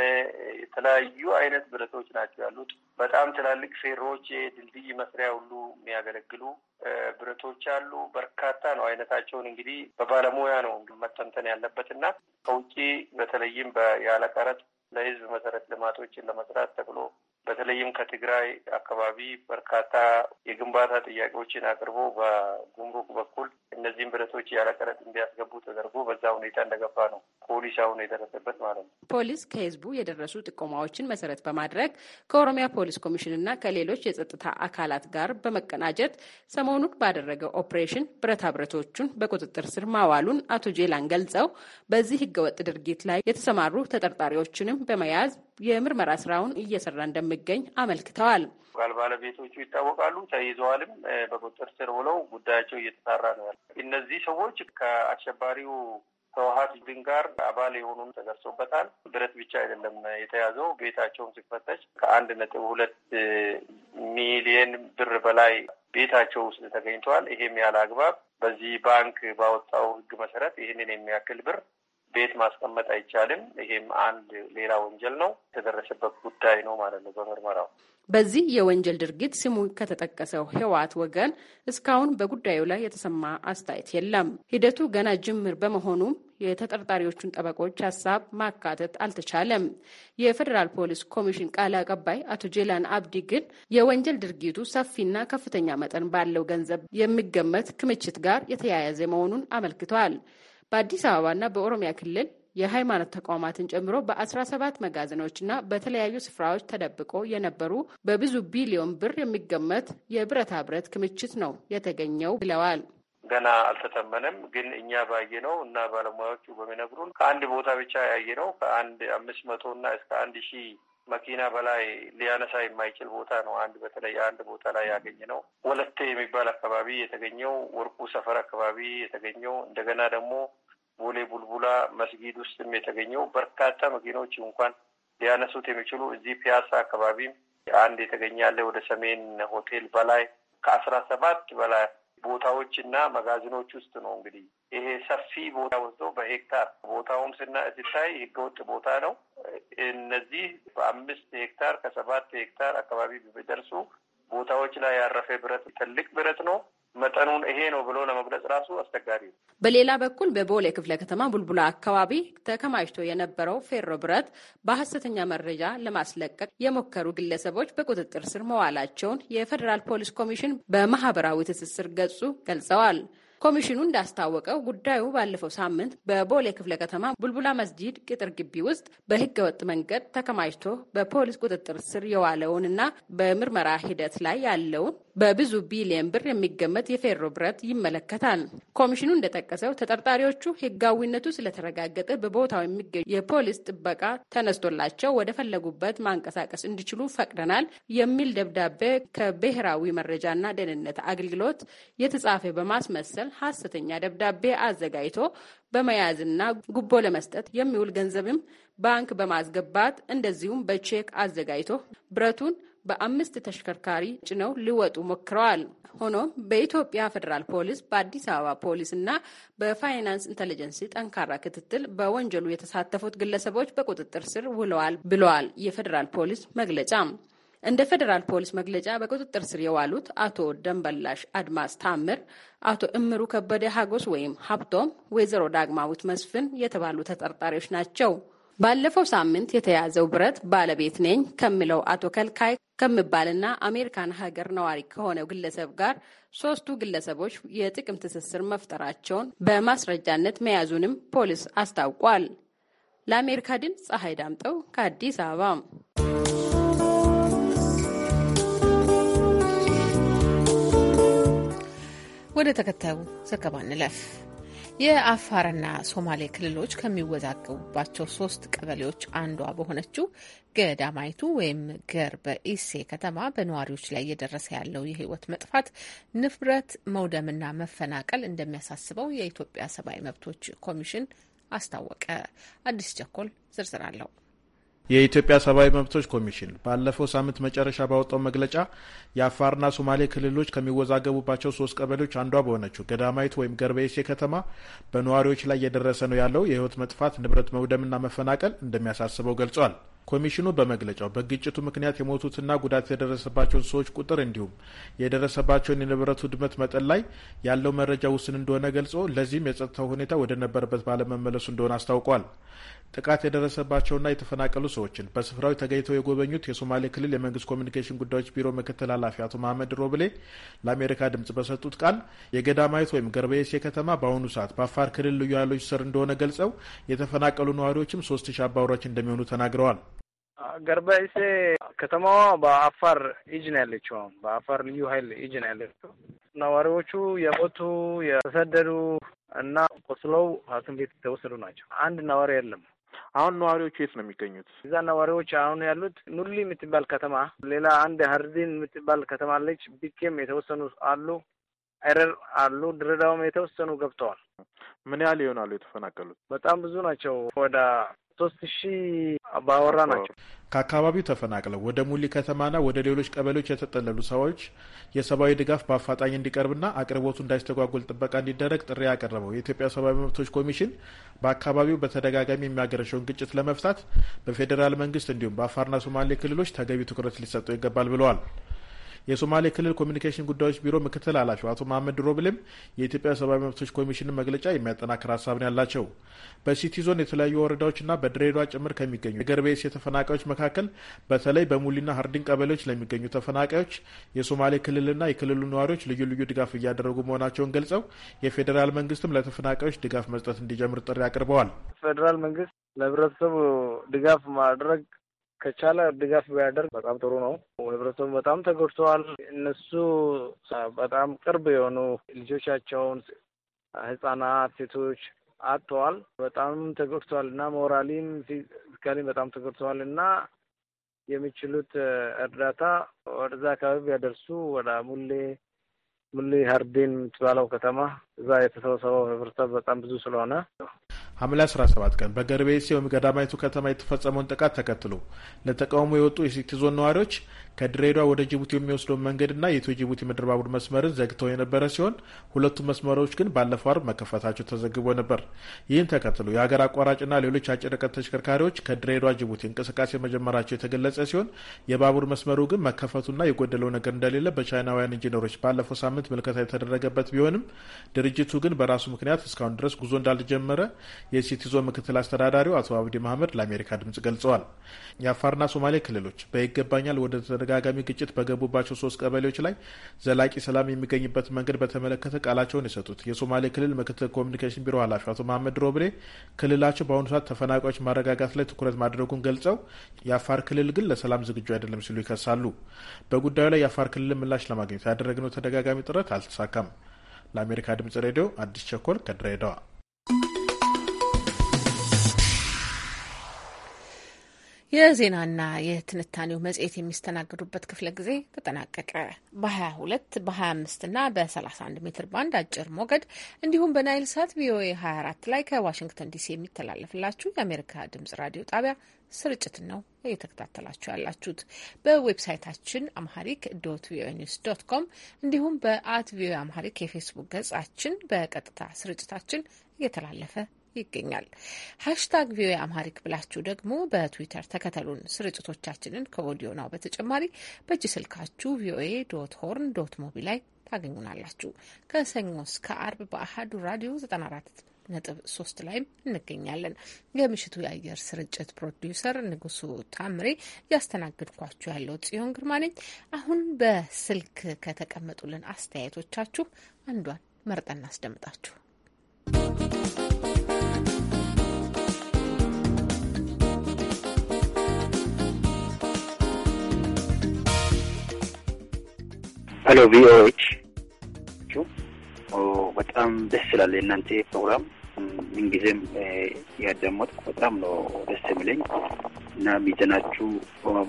Speaker 11: የተለያዩ አይነት ብረቶች ናቸው ያሉት። በጣም ትላልቅ ፌሮዎች የድልድይ መስሪያ ሁሉ የሚያገለግሉ ብረቶች አሉ። በርካታ ነው አይነታቸውን። እንግዲህ በባለሙያ ነው መተንተን ያለበት እና ከውጭ በተለይም ያለቀረጥ ለህዝብ መሰረት ልማቶችን ለመስራት ተብሎ በተለይም ከትግራይ አካባቢ በርካታ የግንባታ ጥያቄዎችን አቅርቦ በጉምሩክ በኩል እነዚህም ብረቶች ያለቀረጥ እንዲያስገቡ ተደርጎ በዛ ሁኔታ እንደገባ ነው ፖሊስ አሁን የደረሰበት ማለት ነው።
Speaker 10: ፖሊስ ከህዝቡ የደረሱ ጥቆማዎችን መሰረት በማድረግ ከኦሮሚያ ፖሊስ ኮሚሽን እና ከሌሎች የጸጥታ አካላት ጋር በመቀናጀት ሰሞኑን ባደረገው ኦፕሬሽን ብረታ ብረቶቹን በቁጥጥር ስር ማዋሉን አቶ ጄላን ገልጸው በዚህ ህገወጥ ድርጊት ላይ የተሰማሩ ተጠርጣሪዎችንም በመያዝ የምርመራ ስራውን እየሰራ እንደ እንደሚገኝ አመልክተዋል።
Speaker 11: ቃል ባለቤቶቹ ይታወቃሉ፣ ተይዘዋልም፣ በቁጥር ስር ውለው ጉዳያቸው እየተጣራ ነው ያለ እነዚህ ሰዎች ከአሸባሪው ህወሀት ቡድን ጋር አባል የሆኑን ተደርሶበታል። ብረት ብቻ አይደለም የተያዘው። ቤታቸውን ሲፈተሽ ከአንድ ነጥብ ሁለት ሚሊየን ብር በላይ ቤታቸው ውስጥ ተገኝተዋል። ይሄም ያለ አግባብ በዚህ ባንክ ባወጣው ህግ መሰረት ይህንን የሚያክል ብር ቤት ማስቀመጥ አይቻልም። ይሄም አንድ ሌላ ወንጀል ነው፣ የተደረሰበት ጉዳይ ነው ማለት ነው በምርመራው።
Speaker 10: በዚህ የወንጀል ድርጊት ስሙ ከተጠቀሰው ህወሓት ወገን እስካሁን በጉዳዩ ላይ የተሰማ አስተያየት የለም። ሂደቱ ገና ጅምር በመሆኑም የተጠርጣሪዎቹን ጠበቆች ሀሳብ ማካተት አልተቻለም። የፌዴራል ፖሊስ ኮሚሽን ቃል አቀባይ አቶ ጄላን አብዲ ግን የወንጀል ድርጊቱ ሰፊና ከፍተኛ መጠን ባለው ገንዘብ የሚገመት ክምችት ጋር የተያያዘ መሆኑን አመልክተዋል። በአዲስ አበባና በኦሮሚያ ክልል የሃይማኖት ተቋማትን ጨምሮ በአስራ ሰባት መጋዘኖችና በተለያዩ ስፍራዎች ተደብቆ የነበሩ በብዙ ቢሊዮን ብር የሚገመት የብረታ ብረት ክምችት ነው የተገኘው ብለዋል።
Speaker 11: ገና አልተተመነም፣ ግን እኛ ባየነው እና ባለሙያዎቹ በሚነግሩን ከአንድ ቦታ ብቻ ያየነው ከአንድ አምስት መቶ እና እስከ አንድ ሺህ መኪና በላይ ሊያነሳ የማይችል ቦታ ነው። አንድ በተለይ አንድ ቦታ ላይ ያገኘ ነው ወለቴ የሚባል አካባቢ የተገኘው ወርቁ ሰፈር አካባቢ የተገኘው እንደገና ደግሞ ቦሌ ቡልቡላ መስጊድ ውስጥም የተገኘው በርካታ መኪኖች እንኳን ሊያነሱት የሚችሉ እዚህ ፒያሳ አካባቢም አንድ የተገኘ ያለ ወደ ሰሜን ሆቴል በላይ ከአስራ ሰባት በላይ ቦታዎች እና መጋዘኖች ውስጥ ነው እንግዲህ ይሄ ሰፊ ቦታ ወስዶ በሄክታር ቦታውም ስና ሲታይ ህገወጥ ቦታ ነው። እነዚህ በአምስት ሄክታር ከሰባት ሄክታር አካባቢ ቢደርሱ ቦታዎች ላይ ያረፈ ብረት ትልቅ ብረት ነው። መጠኑን ይሄ ነው ብሎ ለመግለጽ ራሱ አስቸጋሪ ነው።
Speaker 10: በሌላ በኩል በቦሌ ክፍለ ከተማ ቡልቡላ አካባቢ ተከማችቶ የነበረው ፌሮ ብረት በሐሰተኛ መረጃ ለማስለቀቅ የሞከሩ ግለሰቦች በቁጥጥር ስር መዋላቸውን የፌዴራል ፖሊስ ኮሚሽን በማህበራዊ ትስስር ገጹ ገልጸዋል። ኮሚሽኑ እንዳስታወቀው ጉዳዩ ባለፈው ሳምንት በቦሌ ክፍለ ከተማ ቡልቡላ መስጂድ ቅጥር ግቢ ውስጥ በህገ ወጥ መንገድ ተከማችቶ በፖሊስ ቁጥጥር ስር የዋለውንና በምርመራ ሂደት ላይ ያለውን በብዙ ቢሊየን ብር የሚገመት የፌሮ ብረት ይመለከታል። ኮሚሽኑ እንደጠቀሰው ተጠርጣሪዎቹ ህጋዊነቱ ስለተረጋገጠ በቦታው የሚገኙ የፖሊስ ጥበቃ ተነስቶላቸው ወደ ፈለጉበት ማንቀሳቀስ እንዲችሉ ፈቅደናል የሚል ደብዳቤ ከብሔራዊ መረጃና ደህንነት አገልግሎት የተጻፈ በማስመሰል ባለስልጣን ሀሰተኛ ደብዳቤ አዘጋጅቶ በመያዝና ጉቦ ለመስጠት የሚውል ገንዘብም ባንክ በማስገባት እንደዚሁም በቼክ አዘጋጅቶ ብረቱን በአምስት ተሽከርካሪ ጭነው ሊወጡ ሞክረዋል። ሆኖም በኢትዮጵያ ፌዴራል ፖሊስ፣ በአዲስ አበባ ፖሊስ እና በፋይናንስ ኢንተሊጀንስ ጠንካራ ክትትል በወንጀሉ የተሳተፉት ግለሰቦች በቁጥጥር ስር ውለዋል ብለዋል የፌዴራል ፖሊስ መግለጫ። እንደ ፌዴራል ፖሊስ መግለጫ በቁጥጥር ስር የዋሉት አቶ ደንበላሽ አድማስ ታምር፣ አቶ እምሩ ከበደ ሀጎስ ወይም ሀብቶም፣ ወይዘሮ ዳግማዊት መስፍን የተባሉ ተጠርጣሪዎች ናቸው። ባለፈው ሳምንት የተያዘው ብረት ባለቤት ነኝ ከሚለው አቶ ከልካይ ከምባልና አሜሪካን ሀገር ነዋሪ ከሆነው ግለሰብ ጋር ሶስቱ ግለሰቦች የጥቅም ትስስር መፍጠራቸውን በማስረጃነት መያዙንም ፖሊስ አስታውቋል። ለአሜሪካ ድምፅ ፀሐይ ዳምጠው ከአዲስ አበባ ወደ ተከታዩ
Speaker 1: ዘገባ እንለፍ። የአፋርና ሶማሌ ክልሎች ከሚወዛገቡባቸው ሶስት ቀበሌዎች አንዷ በሆነችው ገዳማይቱ ወይም ገር በኢሴ ከተማ በነዋሪዎች ላይ እየደረሰ ያለው የህይወት መጥፋት፣ ንብረት መውደምና መፈናቀል እንደሚያሳስበው የኢትዮጵያ ሰብአዊ መብቶች ኮሚሽን አስታወቀ። አዲስ ቸኮል ዝርዝር አለው።
Speaker 9: የኢትዮጵያ ሰብአዊ መብቶች ኮሚሽን ባለፈው ሳምንት መጨረሻ ባወጣው መግለጫ የአፋርና ሶማሌ ክልሎች ከሚወዛገቡባቸው ሶስት ቀበሌዎች አንዷ በሆነችው ገዳማዊት ወይም ገርበሴ ከተማ በነዋሪዎች ላይ እየደረሰ ነው ያለው የህይወት መጥፋት፣ ንብረት መውደምና መፈናቀል እንደሚያሳስበው ገልጿል። ኮሚሽኑ በመግለጫው በግጭቱ ምክንያት የሞቱትና ጉዳት የደረሰባቸውን ሰዎች ቁጥር እንዲሁም የደረሰባቸውን የንብረት ውድመት መጠን ላይ ያለው መረጃ ውስን እንደሆነ ገልጾ ለዚህም የጸጥታው ሁኔታ ወደ ነበረበት ባለመመለሱ እንደሆነ አስታውቋል። ጥቃት የደረሰባቸውና የተፈናቀሉ ሰዎችን በስፍራው ተገኝተው የጎበኙት የሶማሌ ክልል የመንግስት ኮሚኒኬሽን ጉዳዮች ቢሮ ምክትል ኃላፊ አቶ መሀመድ ሮብሌ ለአሜሪካ ድምጽ በሰጡት ቃል የገዳማዊት ወይም ገርበየሴ ከተማ በአሁኑ ሰዓት በአፋር ክልል ልዩ ኃይሎች ስር እንደሆነ ገልጸው የተፈናቀሉ ነዋሪዎችም ሶስት ሺ አባወራዎች እንደሚሆኑ ተናግረዋል።
Speaker 12: ገርበይሴ ከተማዋ በአፋር እጅ ነው ያለችው። በአፋር ልዩ ኃይል እጅ ነው ያለችው። ነዋሪዎቹ የሞቱ የተሰደዱ እና ቆስለው ሐኪም ቤት የተወሰዱ ናቸው። አንድ ነዋሪ የለም።
Speaker 9: አሁን ነዋሪዎቹ የት ነው የሚገኙት?
Speaker 12: እዛ ነዋሪዎች አሁን ያሉት ኑሊ የምትባል ከተማ፣ ሌላ አንድ ሀርዲን የምትባል ከተማ አለች። ቢኬም የተወሰኑ አሉ፣ አይረር አሉ፣ ድረዳውም የተወሰኑ ገብተዋል። ምን ያህል ይሆናሉ የተፈናቀሉት? በጣም ብዙ ናቸው። ወደ ሶስት ሺህ ባወራ ናቸው።
Speaker 9: ከአካባቢው ተፈናቅለው ወደ ሙሊ ከተማና ወደ ሌሎች ቀበሌዎች የተጠለሉ ሰዎች የሰብአዊ ድጋፍ በአፋጣኝ እንዲቀርብና አቅርቦቱ እንዳይስተጓጎል ጥበቃ እንዲደረግ ጥሪ ያቀረበው የኢትዮጵያ ሰብአዊ መብቶች ኮሚሽን በአካባቢው በተደጋጋሚ የሚያገረሸውን ግጭት ለመፍታት በፌዴራል መንግስት እንዲሁም በአፋርና ሶማሌ ክልሎች ተገቢ ትኩረት ሊሰጠው ይገባል ብለዋል። የሶማሌ ክልል ኮሚኒኬሽን ጉዳዮች ቢሮ ምክትል ኃላፊው አቶ መሀመድ ሮብሌም የኢትዮጵያ ሰብአዊ መብቶች ኮሚሽንን መግለጫ የሚያጠናክር ሀሳብን ያላቸው። በሲቲ ዞን የተለያዩ ወረዳዎችና በድሬዳዋ ጭምር ከሚገኙ የገርቤሴ ተፈናቃዮች መካከል በተለይ በሙሊና ሀርዲን ቀበሌዎች ለሚገኙ ተፈናቃዮች የሶማሌ ክልልና የክልሉ ነዋሪዎች ልዩ ልዩ ድጋፍ እያደረጉ መሆናቸውን ገልጸው የፌዴራል መንግስትም ለተፈናቃዮች ድጋፍ መስጠት እንዲጀምር ጥሪ አቅርበዋል።
Speaker 12: ፌዴራል መንግስት ለህብረተሰቡ ድጋፍ ማድረግ ከቻለ ድጋፍ ቢያደርግ በጣም ጥሩ ነው። ህብረተሰቡ በጣም ተጎድተዋል። እነሱ በጣም ቅርብ የሆኑ ልጆቻቸውን ህጻናት፣ ሴቶች አጥተዋል። በጣም ተጎድተዋል እና ሞራሊም ፊዚካሊም በጣም ተጎድተዋል እና የሚችሉት እርዳታ ወደዛ አካባቢ ቢያደርሱ ወደ ሙሌ ሙሌ ሀርዴን የምትባለው ከተማ እዛ የተሰበሰበው ህብረተሰብ በጣም ብዙ ስለሆነ
Speaker 9: ሐምሌ 17 ቀን በገርቤሴ ወይም ገዳማዊቱ ከተማ የተፈጸመውን ጥቃት ተከትሎ ለተቃውሞ የወጡ የሲቲ ዞን ነዋሪዎች ከድሬዳዋ ወደ ጅቡቲ የሚወስደውን መንገድና የኢትዮ ጅቡቲ ምድር ባቡር መስመርን ዘግተው የነበረ ሲሆን ሁለቱም መስመሮች ግን ባለፈው አርብ መከፈታቸው ተዘግቦ ነበር። ይህን ተከትሎ የሀገር አቋራጭና ሌሎች አጭር ርቀት ተሽከርካሪዎች ከድሬዳዋ ጅቡቲ እንቅስቃሴ መጀመራቸው የተገለጸ ሲሆን የባቡር መስመሩ ግን መከፈቱና የጎደለው ነገር እንደሌለ በቻይናውያን ኢንጂነሮች ባለፈው ሳምንት ምልከታ የተደረገበት ቢሆንም ድርጅቱ ግን በራሱ ምክንያት እስካሁን ድረስ ጉዞ እንዳልጀመረ የሲቲዞ ምክትል አስተዳዳሪው አቶ አብዲ መሀመድ ለአሜሪካ ድምጽ ገልጸዋል። የአፋርና ሶማሌ ክልሎች በይገባኛል ወደ ተደጋጋሚ ግጭት በገቡባቸው ሶስት ቀበሌዎች ላይ ዘላቂ ሰላም የሚገኝበት መንገድ በተመለከተ ቃላቸውን የሰጡት የሶማሌ ክልል ምክትል ኮሚኒኬሽን ቢሮ ኃላፊ አቶ መሀመድ ሮብሌ ክልላቸው በአሁኑ ሰዓት ተፈናቃዮች ማረጋጋት ላይ ትኩረት ማድረጉን ገልጸው የአፋር ክልል ግን ለሰላም ዝግጁ አይደለም ሲሉ ይከሳሉ። በጉዳዩ ላይ የአፋር ክልል ምላሽ ለማግኘት ያደረግነው ተደጋጋሚ ጥረት አልተሳካም። ለአሜሪካ ድምጽ ሬዲዮ አዲስ ቸኮል ከድሬዳዋ
Speaker 1: የዜናና የትንታኔው መጽሔት የሚስተናገዱበት ክፍለ ጊዜ ተጠናቀቀ። በ22 በ25 እና በ31 ሜትር ባንድ አጭር ሞገድ እንዲሁም በናይል ሳት ቪኦኤ 24 ላይ ከዋሽንግተን ዲሲ የሚተላለፍላችሁ የአሜሪካ ድምጽ ራዲዮ ጣቢያ ስርጭትን ነው እየተከታተላችሁ ያላችሁት። በዌብሳይታችን አምሃሪክ ዶት ቪኦኤ ኒውስ ዶት ኮም እንዲሁም በአት ቪኦኤ አምሃሪክ የፌስቡክ ገጻችን በቀጥታ ስርጭታችን እየተላለፈ ይገኛል። ሀሽታግ ቪኦኤ አማሪክ ብላችሁ ደግሞ በትዊተር ተከተሉን። ስርጭቶቻችንን ከኦዲዮ ናው በተጨማሪ በእጅ ስልካችሁ ቪኦኤ ዶት ሆርን ዶት ሞቢ ላይ ታገኙናላችሁ። ከሰኞ እስከ አርብ በአሀዱ ራዲዮ 94 ነጥብ ሶስት ላይም እንገኛለን። የምሽቱ የአየር ስርጭት ፕሮዲውሰር ንጉሱ ታምሬ፣ ያስተናግድኳችሁ ያለው ጽዮን ግርማ ነኝ። አሁን በስልክ ከተቀመጡልን አስተያየቶቻችሁ አንዷን መርጠን እናስደምጣችሁ።
Speaker 9: ሄሎ ቪኦኤች
Speaker 12: oh, በጣም
Speaker 13: ደስ ይላል የእናንተ ፕሮግራም። ምንጊዜም ያዳመጥኩ በጣም ነው ደስ የሚለኝ እና ሚዘናችሁ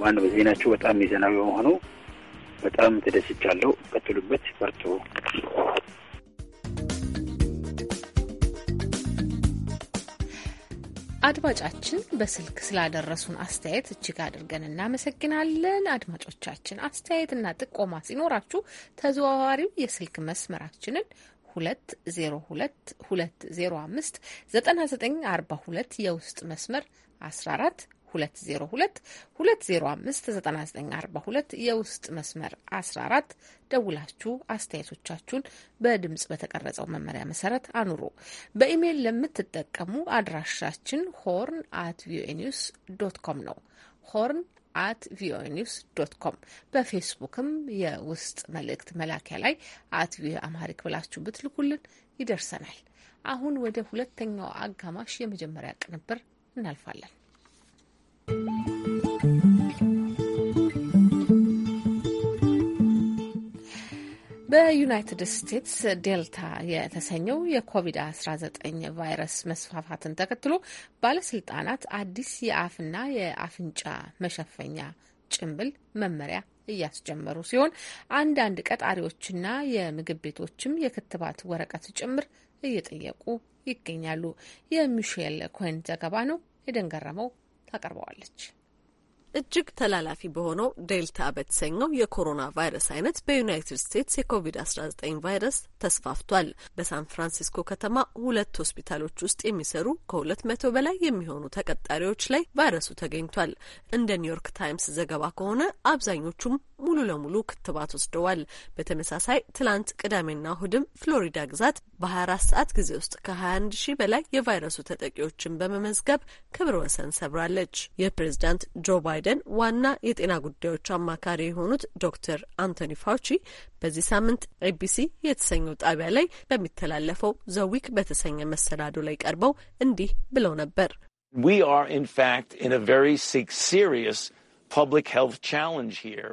Speaker 13: ማነው ዜናችሁ በጣም ሚዘናዊ በመሆኑ በጣም ተደስቻለሁ። ቀጥሉበት፣ በርቱ።
Speaker 1: አድማጫችን በስልክ ስላደረሱን አስተያየት እጅግ አድርገን እናመሰግናለን። አድማጮቻችን አስተያየትና ጥቆማ ሲኖራችሁ ተዘዋዋሪው የስልክ መስመራችንን 2022059942 የውስጥ መስመር 14 202 205 9942 የውስጥ መስመር 14 ደውላችሁ አስተያየቶቻችሁን በድምጽ በተቀረጸው መመሪያ መሰረት አኑሩ። በኢሜይል ለምትጠቀሙ አድራሻችን ሆርን አት ቪኦኤ ኒውስ ዶት ኮም ነው። ሆርን አት ቪኦኤ ኒውስ ዶት ኮም። በፌስቡክም የውስጥ መልእክት መላኪያ ላይ አት ቪኦኤ አማሪክ ብላችሁ ብትልኩልን ይደርሰናል። አሁን ወደ ሁለተኛው አጋማሽ የመጀመሪያ ቅንብር እናልፋለን። በዩናይትድ ስቴትስ ዴልታ የተሰኘው የኮቪድ-19 ቫይረስ መስፋፋትን ተከትሎ ባለስልጣናት አዲስ የአፍና የአፍንጫ መሸፈኛ ጭንብል መመሪያ እያስጀመሩ ሲሆን አንዳንድ ቀጣሪዎችና የምግብ ቤቶችም የክትባት ወረቀት ጭምር እየጠየቁ ይገኛሉ። የሚሼል ኮይን ዘገባ ነው። የደንገረመው
Speaker 14: ታቀርበዋለች። እጅግ ተላላፊ በሆነው ዴልታ በተሰኘው የኮሮና ቫይረስ አይነት በዩናይትድ ስቴትስ የኮቪድ-19 ቫይረስ ተስፋፍቷል። በሳን ፍራንሲስኮ ከተማ ሁለት ሆስፒታሎች ውስጥ የሚሰሩ ከሁለት መቶ በላይ የሚሆኑ ተቀጣሪዎች ላይ ቫይረሱ ተገኝቷል። እንደ ኒውዮርክ ታይምስ ዘገባ ከሆነ አብዛኞቹም ሙሉ ለሙሉ ክትባት ወስደዋል። በተመሳሳይ ትላንት ቅዳሜና እሁድም ፍሎሪዳ ግዛት በ24 ሰዓት ጊዜ ውስጥ ከ21 ሺህ በላይ የቫይረሱ ተጠቂዎችን በመመዝገብ ክብረ ወሰን ሰብራለች። የፕሬዝዳንት ጆ ባይደን ዋና የጤና ጉዳዮች አማካሪ የሆኑት ዶክተር አንቶኒ ፋውቺ በዚህ ሳምንት ኤቢሲ የተሰኘው ጣቢያ ላይ በሚተላለፈው ዘዊክ በተሰኘ መሰናዶ ላይ ቀርበው እንዲህ ብለው ነበር።
Speaker 5: We are in fact in a very serious public health challenge here.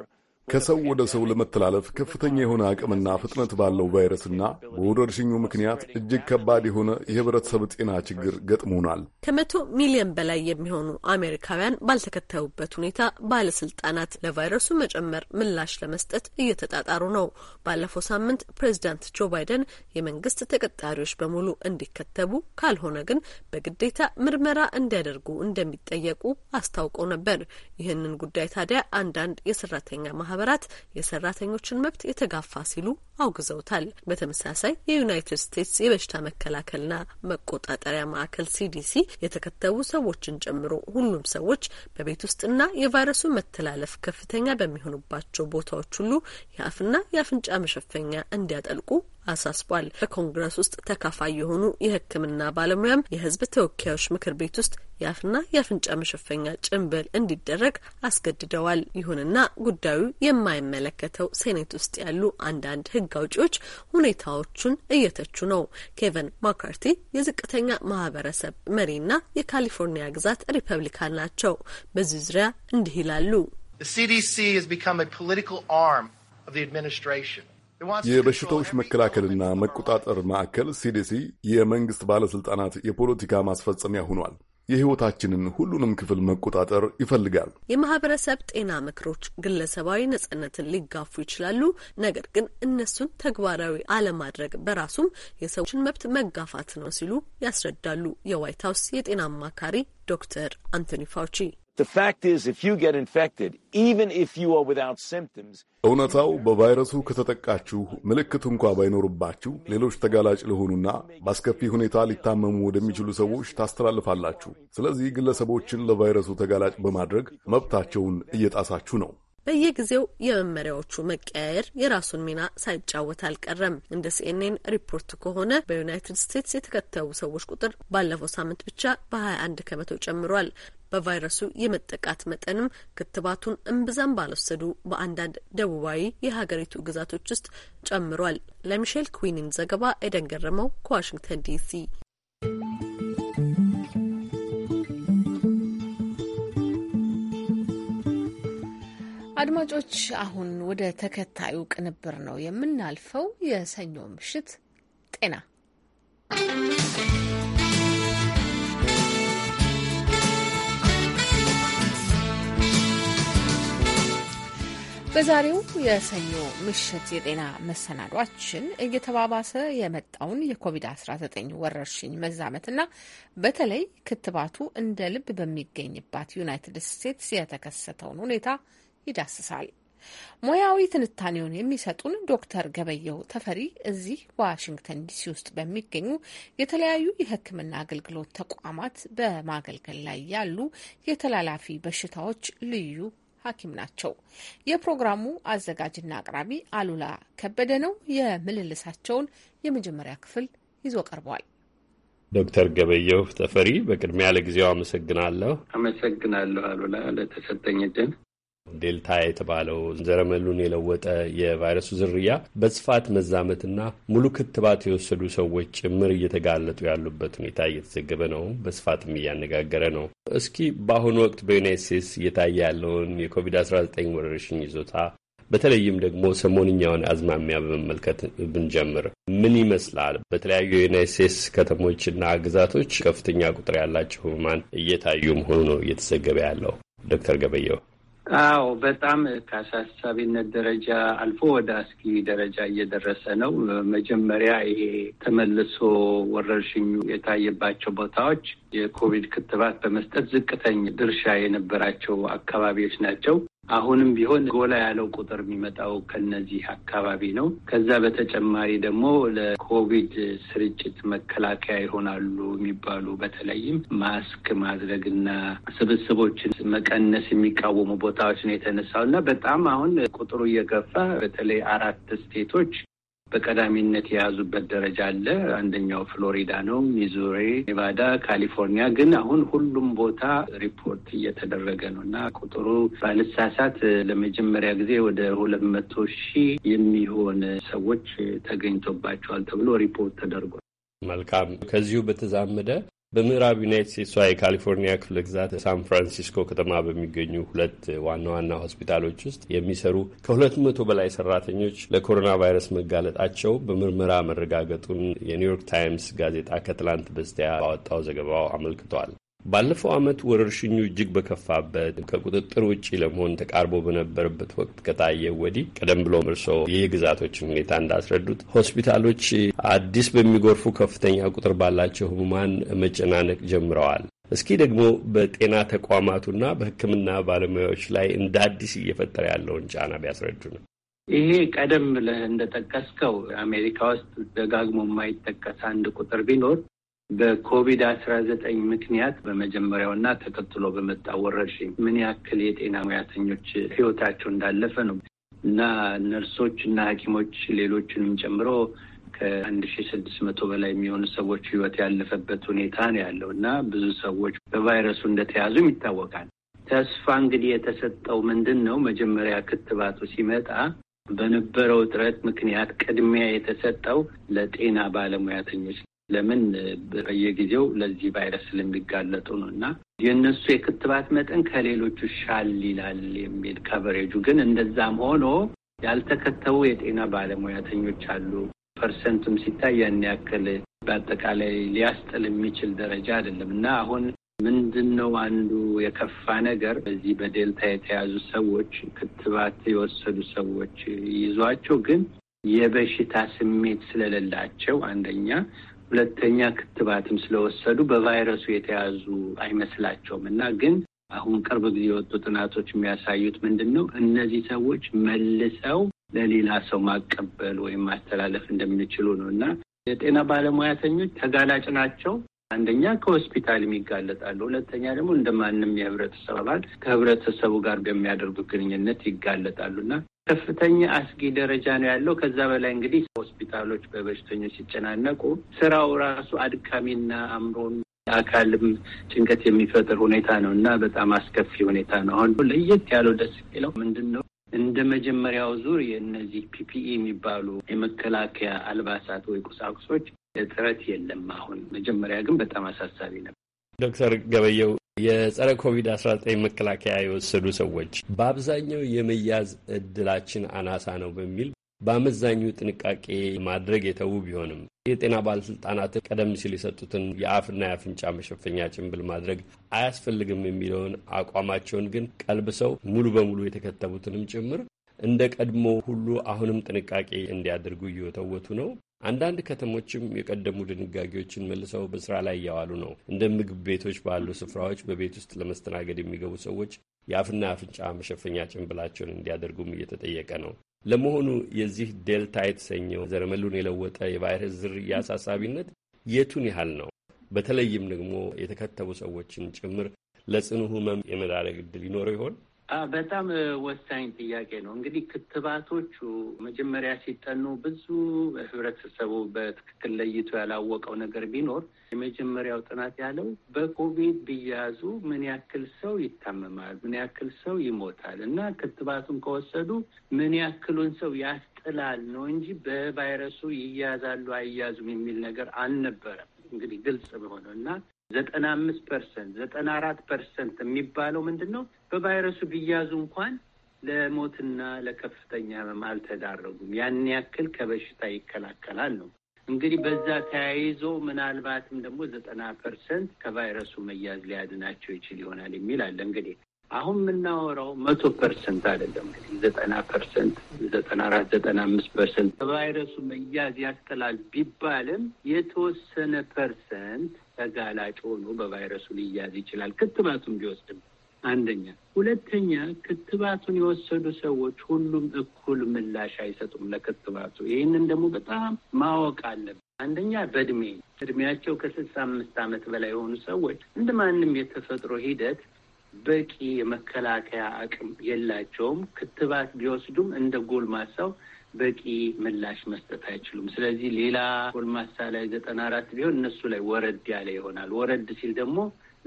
Speaker 15: ከሰው ወደ ሰው ለመተላለፍ ከፍተኛ የሆነ አቅምና ፍጥነት ባለው ቫይረስና በወረርሽኙ ምክንያት እጅግ ከባድ የሆነ የህብረተሰብ ጤና ችግር ገጥሞናል።
Speaker 14: ከመቶ ሚሊዮን በላይ የሚሆኑ አሜሪካውያን ባልተከተቡበት ሁኔታ ባለስልጣናት ለቫይረሱ መጨመር ምላሽ ለመስጠት እየተጣጣሩ ነው። ባለፈው ሳምንት ፕሬዚዳንት ጆ ባይደን የመንግስት ተቀጣሪዎች በሙሉ እንዲከተቡ ካልሆነ ግን በግዴታ ምርመራ እንዲያደርጉ እንደሚጠየቁ አስታውቀው ነበር። ይህንን ጉዳይ ታዲያ አንዳንድ የሰራተኛ ማህበር ማህበራት የሰራተኞችን መብት የተጋፋ ሲሉ አውግዘውታል። በተመሳሳይ የዩናይትድ ስቴትስ የበሽታ መከላከልና መቆጣጠሪያ ማዕከል ሲዲሲ የተከተቡ ሰዎችን ጨምሮ ሁሉም ሰዎች በቤት ውስጥና የቫይረሱ መተላለፍ ከፍተኛ በሚሆኑባቸው ቦታዎች ሁሉ የአፍና የአፍንጫ መሸፈኛ እንዲያጠልቁ አሳስቧል። በኮንግረስ ውስጥ ተካፋይ የሆኑ የሕክምና ባለሙያም የህዝብ ተወካዮች ምክር ቤት ውስጥ የአፍና የአፍንጫ መሸፈኛ ጭንብል እንዲደረግ አስገድደዋል። ይሁንና ጉዳዩ የማይመለከተው ሴኔት ውስጥ ያሉ አንዳንድ ህግ አውጪዎች ሁኔታዎቹን እየተቹ ነው። ኬቨን ማካርቲ የዝቅተኛ ማህበረሰብ መሪና የካሊፎርኒያ ግዛት ሪፐብሊካን ናቸው። በዚህ ዙሪያ እንዲህ ይላሉ። The CDC has become
Speaker 15: የበሽታዎች መከላከልና መቆጣጠር ማዕከል ሲዲሲ የመንግስት ባለስልጣናት የፖለቲካ ማስፈጸሚያ ሆኗል። የህይወታችንን ሁሉንም ክፍል መቆጣጠር ይፈልጋል።
Speaker 14: የማህበረሰብ ጤና ምክሮች ግለሰባዊ ነጻነትን ሊጋፉ ይችላሉ። ነገር ግን እነሱን ተግባራዊ አለማድረግ በራሱም የሰዎችን መብት መጋፋት ነው ሲሉ ያስረዳሉ የዋይት ሀውስ የጤና አማካሪ ዶክተር አንቶኒ ፋውቺ
Speaker 5: The fact is, if you get infected, even if you are without symptoms,
Speaker 15: እውነታው በቫይረሱ ከተጠቃችሁ ምልክት እንኳ ባይኖርባችሁ ሌሎች ተጋላጭ ለሆኑና በአስከፊ ሁኔታ ሊታመሙ ወደሚችሉ ሰዎች ታስተላልፋላችሁ። ስለዚህ ግለሰቦችን ለቫይረሱ ተጋላጭ በማድረግ መብታቸውን እየጣሳችሁ ነው።
Speaker 14: በየጊዜው የመመሪያዎቹ መቀያየር የራሱን ሚና ሳይጫወት አልቀረም። እንደ ሲኤንኤን ሪፖርት ከሆነ በዩናይትድ ስቴትስ የተከተቡ ሰዎች ቁጥር ባለፈው ሳምንት ብቻ በ21 ከመቶ ጨምሯል። በቫይረሱ የመጠቃት መጠንም ክትባቱን እምብዛም ባልወሰዱ በአንዳንድ ደቡባዊ የሀገሪቱ ግዛቶች ውስጥ ጨምሯል። ለሚሼል ኩዊንን ዘገባ ኤደን ገረመው ከዋሽንግተን ዲሲ
Speaker 1: አድማጮች አሁን ወደ ተከታዩ ቅንብር ነው የምናልፈው። የሰኞ ምሽት ጤና በዛሬው የሰኞ ምሽት የጤና መሰናዷችን እየተባባሰ የመጣውን የኮቪድ-19 ወረርሽኝ መዛመትና በተለይ ክትባቱ እንደ ልብ በሚገኝባት ዩናይትድ ስቴትስ የተከሰተውን ሁኔታ ይዳስሳል። ሙያዊ ትንታኔውን የሚሰጡን ዶክተር ገበየሁ ተፈሪ እዚህ ዋሽንግተን ዲሲ ውስጥ በሚገኙ የተለያዩ የሕክምና አገልግሎት ተቋማት በማገልገል ላይ ያሉ የተላላፊ በሽታዎች ልዩ ሐኪም ናቸው። የፕሮግራሙ አዘጋጅና አቅራቢ አሉላ ከበደ ነው። የምልልሳቸውን የመጀመሪያ ክፍል ይዞ
Speaker 13: ቀርቧል።
Speaker 16: ዶክተር ገበየሁ ተፈሪ በቅድሚያ ለጊዜው አመሰግናለሁ።
Speaker 13: አመሰግናለሁ አሉላ ለተሰጠኝ ድል።
Speaker 16: ዴልታ የተባለው ዘረመሉን የለወጠ የቫይረሱ ዝርያ በስፋት መዛመትና ሙሉ ክትባት የወሰዱ ሰዎች ጭምር እየተጋለጡ ያሉበት ሁኔታ እየተዘገበ ነው። በስፋትም እያነጋገረ ነው። እስኪ በአሁኑ ወቅት በዩናይት ስቴትስ እየታየ ያለውን የኮቪድ-19 ወረርሽኝ ይዞታ በተለይም ደግሞ ሰሞንኛውን አዝማሚያ በመመልከት ብንጀምር ምን ይመስላል? በተለያዩ የዩናይት ስቴትስ ከተሞችና ግዛቶች ከፍተኛ ቁጥር ያላቸው ህሙማን እየታዩ መሆኑ ነው እየተዘገበ ያለው። ዶክተር ገበየው
Speaker 13: አዎ በጣም ከአሳሳቢነት ደረጃ አልፎ ወደ አስጊ ደረጃ እየደረሰ ነው። መጀመሪያ ይሄ ተመልሶ ወረርሽኙ የታየባቸው ቦታዎች የኮቪድ ክትባት በመስጠት ዝቅተኛ ድርሻ የነበራቸው አካባቢዎች ናቸው። አሁንም ቢሆን ጎላ ያለው ቁጥር የሚመጣው ከነዚህ አካባቢ ነው። ከዛ በተጨማሪ ደግሞ ለኮቪድ ስርጭት መከላከያ ይሆናሉ የሚባሉ በተለይም ማስክ ማድረግና ስብስቦችን መቀነስ የሚቃወሙ ቦታዎች ነው የተነሳው እና በጣም አሁን ቁጥሩ እየገፋ በተለይ አራት ስቴቶች በቀዳሚነት የያዙበት ደረጃ አለ። አንደኛው ፍሎሪዳ ነው፣ ሚዙሪ፣ ኔቫዳ፣ ካሊፎርኒያ ግን አሁን ሁሉም ቦታ ሪፖርት እየተደረገ ነው እና ቁጥሩ ባልሳሳት ለመጀመሪያ ጊዜ ወደ ሁለት መቶ ሺህ የሚሆን ሰዎች ተገኝቶባቸዋል ተብሎ ሪፖርት ተደርጓል።
Speaker 16: መልካም። ከዚሁ በተዛመደ በምዕራብ ዩናይት ስቴትሷ የካሊፎርኒያ ክፍለ ግዛት ሳን ፍራንሲስኮ ከተማ በሚገኙ ሁለት ዋና ዋና ሆስፒታሎች ውስጥ የሚሰሩ ከሁለት መቶ በላይ ሰራተኞች ለኮሮና ቫይረስ መጋለጣቸው በምርመራ መረጋገጡን የኒውዮርክ ታይምስ ጋዜጣ ከትላንት በስቲያ ባወጣው ዘገባው አመልክቷል። ባለፈው ዓመት ወረርሽኙ እጅግ በከፋበት ከቁጥጥር ውጭ ለመሆን ተቃርቦ በነበረበት ወቅት ከታየ ወዲህ ቀደም ብሎ እርስዎ ይህ ግዛቶችን ሁኔታ እንዳስረዱት ሆስፒታሎች አዲስ በሚጎርፉ ከፍተኛ ቁጥር ባላቸው ህሙማን መጨናነቅ ጀምረዋል። እስኪ ደግሞ በጤና ተቋማቱና በሕክምና ባለሙያዎች ላይ እንደ አዲስ እየፈጠረ ያለውን ጫና ቢያስረዱ ነው።
Speaker 13: ይሄ ቀደም ብለህ እንደጠቀስከው አሜሪካ ውስጥ ደጋግሞ የማይጠቀስ አንድ ቁጥር ቢኖር በኮቪድ አስራ ዘጠኝ ምክንያት በመጀመሪያውና ተከትሎ በመጣ ወረርሽኝ ምን ያክል የጤና ሙያተኞች ህይወታቸው እንዳለፈ ነው እና ነርሶች እና ሐኪሞች ሌሎችንም ጨምሮ ከአንድ ሺ ስድስት መቶ በላይ የሚሆኑ ሰዎች ህይወት ያለፈበት ሁኔታ ነው ያለው እና ብዙ ሰዎች በቫይረሱ እንደተያዙም ይታወቃል። ተስፋ እንግዲህ የተሰጠው ምንድን ነው? መጀመሪያ ክትባቱ ሲመጣ በነበረው ጥረት ምክንያት ቅድሚያ የተሰጠው ለጤና ባለሙያተኞች ለምን በየጊዜው ለዚህ ቫይረስ ልንጋለጡ ነው እና የእነሱ የክትባት መጠን ከሌሎቹ ሻል ይላል የሚል ከቨሬጁ ግን እንደዛም ሆኖ ያልተከተቡ የጤና ባለሙያተኞች አሉ። ፐርሰንቱም ሲታይ ያን ያክል በአጠቃላይ ሊያስጥል የሚችል ደረጃ አይደለም እና አሁን ምንድን ነው አንዱ የከፋ ነገር በዚህ በዴልታ የተያዙ ሰዎች ክትባት የወሰዱ ሰዎች ይዟቸው ግን የበሽታ ስሜት ስለሌላቸው አንደኛ ሁለተኛ ክትባትም ስለወሰዱ በቫይረሱ የተያዙ አይመስላቸውም እና ግን አሁን ቅርብ ጊዜ የወጡ ጥናቶች የሚያሳዩት ምንድን ነው? እነዚህ ሰዎች መልሰው ለሌላ ሰው ማቀበል ወይም ማስተላለፍ እንደሚችሉ ነው እና የጤና ባለሙያተኞች ተጋላጭ ናቸው። አንደኛ ከሆስፒታል ይጋለጣሉ፣ ሁለተኛ ደግሞ እንደማንም የህብረተሰብ አባል ከህብረተሰቡ ጋር በሚያደርጉት ግንኙነት ይጋለጣሉ እና ከፍተኛ አስጊ ደረጃ ነው ያለው። ከዛ በላይ እንግዲህ ሆስፒታሎች በበሽተኞች ሲጨናነቁ ስራው ራሱ አድካሚና አእምሮን አካልም ጭንቀት የሚፈጥር ሁኔታ ነው እና በጣም አስከፊ ሁኔታ ነው። አሁን ለየት ያለው ደስ የሚለው ምንድን ነው? እንደ መጀመሪያው ዙር የእነዚህ ፒፒኢ የሚባሉ የመከላከያ አልባሳት ወይ ቁሳቁሶች እጥረት የለም። አሁን መጀመሪያ ግን በጣም አሳሳቢ ነበር።
Speaker 16: ዶክተር ገበየው የጸረ ኮቪድ-19 መከላከያ የወሰዱ ሰዎች በአብዛኛው የመያዝ እድላችን አናሳ ነው በሚል በአመዛኙ ጥንቃቄ ማድረግ የተዉ ቢሆንም የጤና ባለስልጣናት ቀደም ሲል የሰጡትን የአፍና የአፍንጫ መሸፈኛ ጭንብል ማድረግ አያስፈልግም የሚለውን አቋማቸውን ግን ቀልብሰው ሙሉ በሙሉ የተከተቡትንም ጭምር እንደ ቀድሞ ሁሉ አሁንም ጥንቃቄ እንዲያደርጉ እየወተወቱ ነው። አንዳንድ ከተሞችም የቀደሙ ድንጋጌዎችን መልሰው በስራ ላይ እያዋሉ ነው። እንደ ምግብ ቤቶች ባሉ ስፍራዎች በቤት ውስጥ ለመስተናገድ የሚገቡ ሰዎች የአፍና አፍንጫ መሸፈኛ ጭንብላቸውን እንዲያደርጉም እየተጠየቀ ነው። ለመሆኑ የዚህ ዴልታ የተሰኘው ዘረመሉን የለወጠ የቫይረስ ዝርያ አሳሳቢነት የቱን ያህል ነው? በተለይም ደግሞ የተከተቡ ሰዎችን ጭምር ለጽኑ ህመም የመዳረግ ዕድል ይኖረው ይሆን?
Speaker 13: በጣም ወሳኝ ጥያቄ ነው። እንግዲህ ክትባቶቹ መጀመሪያ ሲጠኑ ብዙ ህብረተሰቡ በትክክል ለይቶ ያላወቀው ነገር ቢኖር የመጀመሪያው ጥናት ያለው በኮቪድ ቢያዙ ምን ያክል ሰው ይታመማል፣ ምን ያክል ሰው ይሞታል እና ክትባቱን ከወሰዱ ምን ያክሉን ሰው ያስጥላል ነው እንጂ በቫይረሱ ይያዛሉ አይያዙም የሚል ነገር አልነበረም። እንግዲህ ግልጽ በሆነ እና ዘጠና አምስት ፐርሰንት ዘጠና አራት ፐርሰንት የሚባለው ምንድን ነው? በቫይረሱ ቢያዙ እንኳን ለሞትና ለከፍተኛ ህመም አልተዳረጉም። ያን ያክል ከበሽታ ይከላከላል ነው እንግዲህ። በዛ ተያይዞ ምናልባትም ደግሞ ዘጠና ፐርሰንት ከቫይረሱ መያዝ ሊያድናቸው ይችል ይሆናል የሚል አለ። እንግዲህ አሁን የምናወራው መቶ ፐርሰንት አይደለም። እንግዲህ ዘጠና ፐርሰንት ዘጠና አራት ዘጠና አምስት ፐርሰንት ከቫይረሱ መያዝ ያስተላል ቢባልም የተወሰነ ፐርሰንት ተጋላጭ ሆኖ በቫይረሱ ሊያዝ ይችላል። ክትባቱን ቢወስድም አንደኛ። ሁለተኛ ክትባቱን የወሰዱ ሰዎች ሁሉም እኩል ምላሽ አይሰጡም ለክትባቱ። ይህንን ደግሞ በጣም ማወቅ አለብን። አንደኛ በእድሜ እድሜያቸው ከስልሳ አምስት ዓመት በላይ የሆኑ ሰዎች እንደ ማንም የተፈጥሮ ሂደት በቂ የመከላከያ አቅም የላቸውም። ክትባት ቢወስዱም እንደ ጎልማሳው በቂ ምላሽ መስጠት አይችሉም። ስለዚህ ሌላ ጎልማሳ ላይ ዘጠና አራት ቢሆን እነሱ ላይ ወረድ ያለ ይሆናል። ወረድ ሲል ደግሞ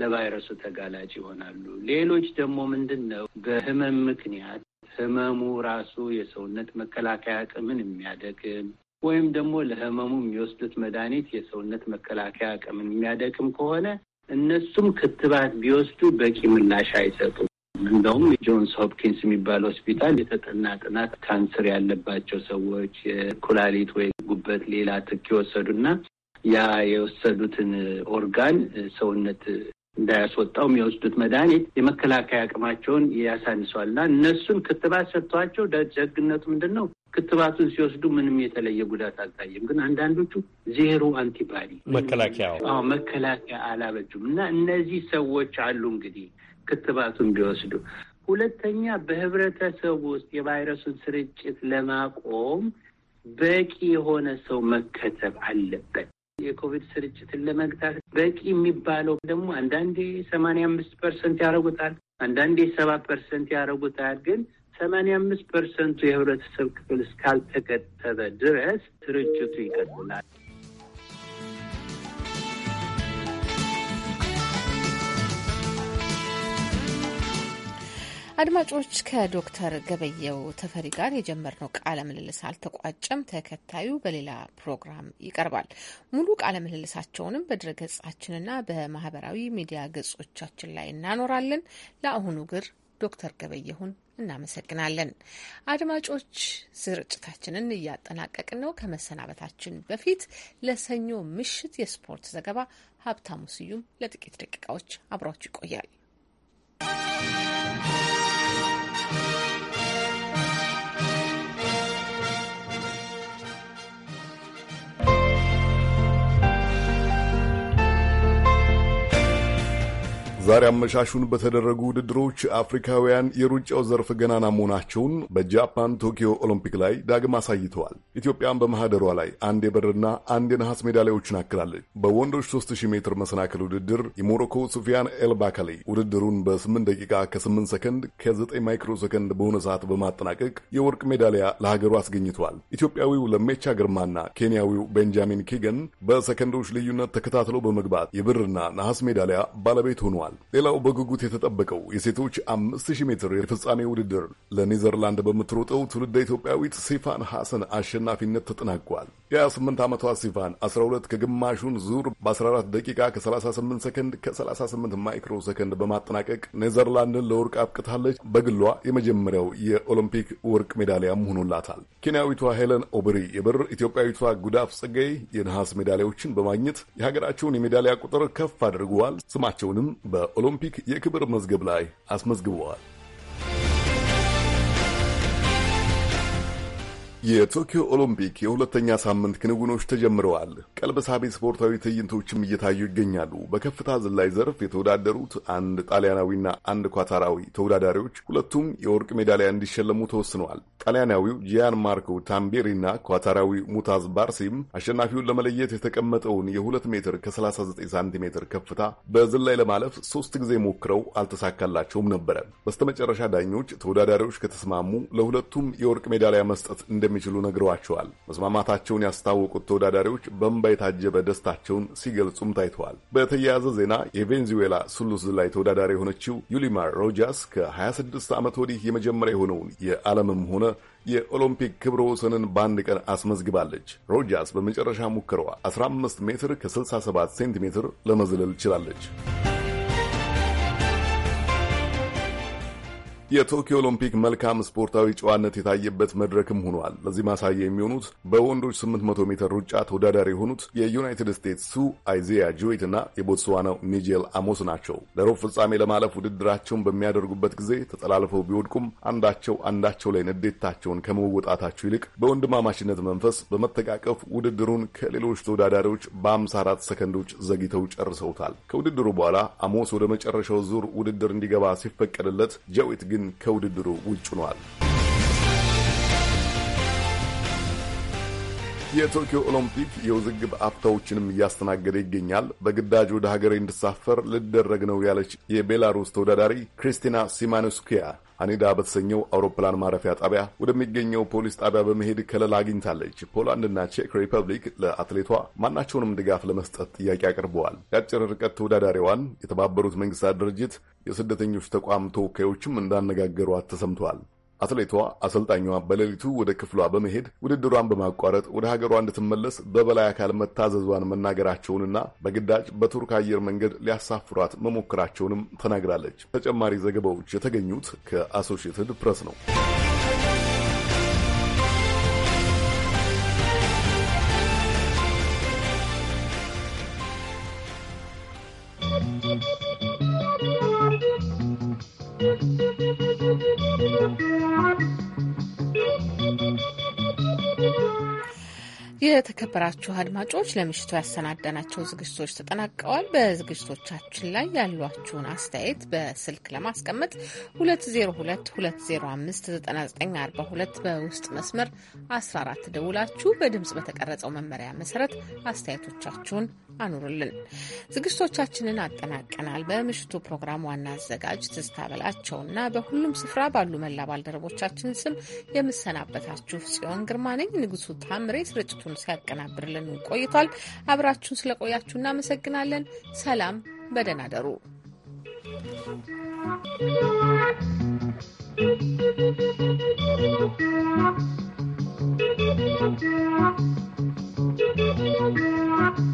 Speaker 13: ለቫይረሱ ተጋላጭ ይሆናሉ። ሌሎች ደግሞ ምንድን ነው በህመም ምክንያት ህመሙ ራሱ የሰውነት መከላከያ አቅምን የሚያደግም ወይም ደግሞ ለህመሙ የሚወስዱት መድኃኒት የሰውነት መከላከያ አቅምን የሚያደቅም ከሆነ እነሱም ክትባት ቢወስዱ በቂ ምላሽ አይሰጡም። እንደውም የጆንስ ሆፕኪንስ የሚባል ሆስፒታል የተጠና ጥናት ካንሰር ያለባቸው ሰዎች ኩላሊት ወይ ጉበት፣ ሌላ ትክ የወሰዱና ያ የወሰዱትን ኦርጋን ሰውነት እንዳያስወጣው የሚወስዱት መድኃኒት የመከላከያ አቅማቸውን ያሳንሷል እና እነሱን ክትባት ሰጥቷቸው ደግነቱ ምንድን ነው? ክትባቱን ሲወስዱ ምንም የተለየ ጉዳት አልታየም። ግን አንዳንዶቹ ዜሮ አንቲባዲ
Speaker 16: መከላከያ መከላከያ
Speaker 13: አላበጁም እና እነዚህ ሰዎች አሉ እንግዲህ ክትባቱን ቢወስዱ። ሁለተኛ በህብረተሰብ ውስጥ የቫይረሱን ስርጭት ለማቆም በቂ የሆነ ሰው መከተብ አለበት። የኮቪድ ስርጭትን ለመግታት በቂ የሚባለው ደግሞ አንዳንዴ ሰማንያ አምስት ፐርሰንት ያደርጉታል፣ አንዳንዴ ሰባ ፐርሰንት ያደርጉታል። ግን ሰማንያ አምስት ፐርሰንቱ የህብረተሰብ ክፍል እስካልተከተበ ድረስ ስርጭቱ ይቀጥላል።
Speaker 1: አድማጮች ከዶክተር ገበየው ተፈሪ ጋር የጀመርነው ቃለ ምልልስ አልተቋጨም። ተከታዩ በሌላ ፕሮግራም ይቀርባል። ሙሉ ቃለ ምልልሳቸውንም በድረገጻችንና በማህበራዊ ሚዲያ ገጾቻችን ላይ እናኖራለን። ለአሁኑ ግር ዶክተር ገበየሁን እናመሰግናለን። አድማጮች ስርጭታችንን እያጠናቀቅን ነው። ከመሰናበታችን በፊት ለሰኞ ምሽት የስፖርት ዘገባ ሀብታሙ ስዩም ለጥቂት ደቂቃዎች አብሯችሁ ይቆያል።
Speaker 15: ዛሬ አመሻሹን በተደረጉ ውድድሮች አፍሪካውያን የሩጫው ዘርፍ ገናና መሆናቸውን በጃፓን ቶኪዮ ኦሎምፒክ ላይ ዳግም አሳይተዋል። ኢትዮጵያን በማህደሯ ላይ አንድ የብርና አንድ የነሐስ ሜዳሊያዎችን አክላለች። በወንዶች 3000 ሜትር መሰናክል ውድድር የሞሮኮ ሱፊያን ኤልባካሌ ውድድሩን በ8 ደቂቃ ከ8 ሰከንድ ከ9 ማይክሮ ሰከንድ በሆነ ሰዓት በማጠናቀቅ የወርቅ ሜዳሊያ ለሀገሩ አስገኝተዋል። ኢትዮጵያዊው ለሜቻ ግርማና ኬንያዊው ቤንጃሚን ኪገን በሰከንዶች ልዩነት ተከታትለው በመግባት የብርና ነሐስ ሜዳሊያ ባለቤት ሆነዋል። ይሆናል። ሌላው በጉጉት የተጠበቀው የሴቶች አምስት ሺህ ሜትር የፍጻሜ ውድድር ለኔዘርላንድ በምትሮጠው ትውልደ ኢትዮጵያዊት ሲፋን ሐሰን አሸናፊነት ተጠናቋል። የ28 ዓመቷ ሲፋን 12 ከግማሹን ዙር በ14 ደቂቃ ከ38 ሰከንድ ከ38 ማይክሮ ሰከንድ በማጠናቀቅ ኔዘርላንድን ለወርቅ አብቅታለች። በግሏ የመጀመሪያው የኦሎምፒክ ወርቅ ሜዳሊያም ሆኖላታል። ኬንያዊቷ ሄለን ኦብሪ የብር፣ ኢትዮጵያዊቷ ጉዳፍ ጸጋይ የነሐስ ሜዳሊያዎችን በማግኘት የሀገራቸውን የሜዳሊያ ቁጥር ከፍ አድርገዋል። ስማቸውንም በ በኦሎምፒክ የክብር መዝገብ ላይ አስመዝግበዋል። የቶኪዮ ኦሎምፒክ የሁለተኛ ሳምንት ክንውኖች ተጀምረዋል። ቀልብ ሳቢ ስፖርታዊ ትዕይንቶችም እየታዩ ይገኛሉ። በከፍታ ዝላይ ዘርፍ የተወዳደሩት አንድ ጣሊያናዊና አንድ ኳታራዊ ተወዳዳሪዎች ሁለቱም የወርቅ ሜዳሊያ እንዲሸለሙ ተወስነዋል። ጣሊያናዊው ጂያን ማርኮ ታምቤሪና ኳታራዊ ሙታዝ ባርሲም አሸናፊውን ለመለየት የተቀመጠውን የ2 ሜትር ከ39 ሳንቲሜትር ከፍታ በዝላይ ለማለፍ ሶስት ጊዜ ሞክረው አልተሳካላቸውም ነበረ። በስተመጨረሻ ዳኞች ተወዳዳሪዎች ከተስማሙ ለሁለቱም የወርቅ ሜዳሊያ መስጠት እንደ እንደሚችሉ ነግረዋቸዋል። መስማማታቸውን ያስታወቁት ተወዳዳሪዎች በእንባ የታጀበ ደስታቸውን ሲገልጹም ታይተዋል። በተያያዘ ዜና የቬንዙዌላ ሱሉስ ላይ ተወዳዳሪ የሆነችው ዩሊማር ሮጃስ ከ26 ዓመት ወዲህ የመጀመሪያ የሆነውን የዓለምም ሆነ የኦሎምፒክ ክብረ ወሰንን በአንድ ቀን አስመዝግባለች። ሮጃስ በመጨረሻ ሙከራዋ 15 ሜትር ከ67 ሴንቲሜትር ለመዝለል ችላለች። የቶኪዮ ኦሎምፒክ መልካም ስፖርታዊ ጨዋነት የታየበት መድረክም ሆኗል። ለዚህ ማሳያ የሚሆኑት በወንዶች 800 ሜትር ሩጫ ተወዳዳሪ የሆኑት የዩናይትድ ስቴትስ ሱ አይዚያ ጆዌት እና የቦትስዋናው ኒጄል አሞስ ናቸው። ለሮብ ፍጻሜ ለማለፍ ውድድራቸውን በሚያደርጉበት ጊዜ ተጠላልፈው ቢወድቁም አንዳቸው አንዳቸው ላይ ንዴታቸውን ከመወጣታቸው ይልቅ በወንድማማችነት መንፈስ በመተቃቀፍ ውድድሩን ከሌሎች ተወዳዳሪዎች በ54 ሰከንዶች ዘግይተው ጨርሰውታል። ከውድድሩ በኋላ አሞስ ወደ መጨረሻው ዙር ውድድር እንዲገባ ሲፈቀድለት ጃዊት ግን ግን ከውድድሩ ውጭ ሆኗል። የቶኪዮ ኦሎምፒክ የውዝግብ አፍታዎችንም እያስተናገደ ይገኛል። በግዳጅ ወደ ሀገሬ እንድሳፈር ልደረግ ነው ያለች የቤላሩስ ተወዳዳሪ ክሪስቲና ሲማኖስኪያ አኔዳ በተሰኘው አውሮፕላን ማረፊያ ጣቢያ ወደሚገኘው ፖሊስ ጣቢያ በመሄድ ከለላ አግኝታለች። ፖላንድና ቼክ ሪፐብሊክ ለአትሌቷ ማናቸውንም ድጋፍ ለመስጠት ጥያቄ አቅርበዋል። የአጭር ርቀት ተወዳዳሪዋን የተባበሩት መንግስታት ድርጅት የስደተኞች ተቋም ተወካዮችም እንዳነጋገሯት ተሰምተዋል። አትሌቷ አሰልጣኟ በሌሊቱ ወደ ክፍሏ በመሄድ ውድድሯን በማቋረጥ ወደ ሀገሯ እንድትመለስ በበላይ አካል መታዘዟን መናገራቸውንና በግዳጅ በቱርክ አየር መንገድ ሊያሳፍሯት መሞከራቸውንም ተናግራለች። ተጨማሪ ዘገባዎች የተገኙት ከአሶሽየትድ ፕሬስ ነው።
Speaker 1: የተከበራችሁ አድማጮች ለምሽቱ ያሰናዳናቸው ዝግጅቶች ተጠናቀዋል። በዝግጅቶቻችን ላይ ያሏችሁን አስተያየት በስልክ ለማስቀመጥ 2022059942 በውስጥ መስመር 14 ደውላችሁ በድምፅ በተቀረጸው መመሪያ መሰረት አስተያየቶቻችሁን አኑሩልን። ዝግጅቶቻችንን አጠናቀናል። በምሽቱ ፕሮግራም ዋና አዘጋጅ ትዝታ በላቸውና በሁሉም ስፍራ ባሉ መላ ባልደረቦቻችን ስም የምሰናበታችሁ ጽዮን ግርማ ነኝ። ንጉሱ ታምሬ ስርጭቱ ዝግጅቱን ሲያቀናብርልን ቆይቷል። አብራችሁን ስለቆያችሁ እናመሰግናለን። ሰላም፣ በደህና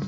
Speaker 5: ደሩ።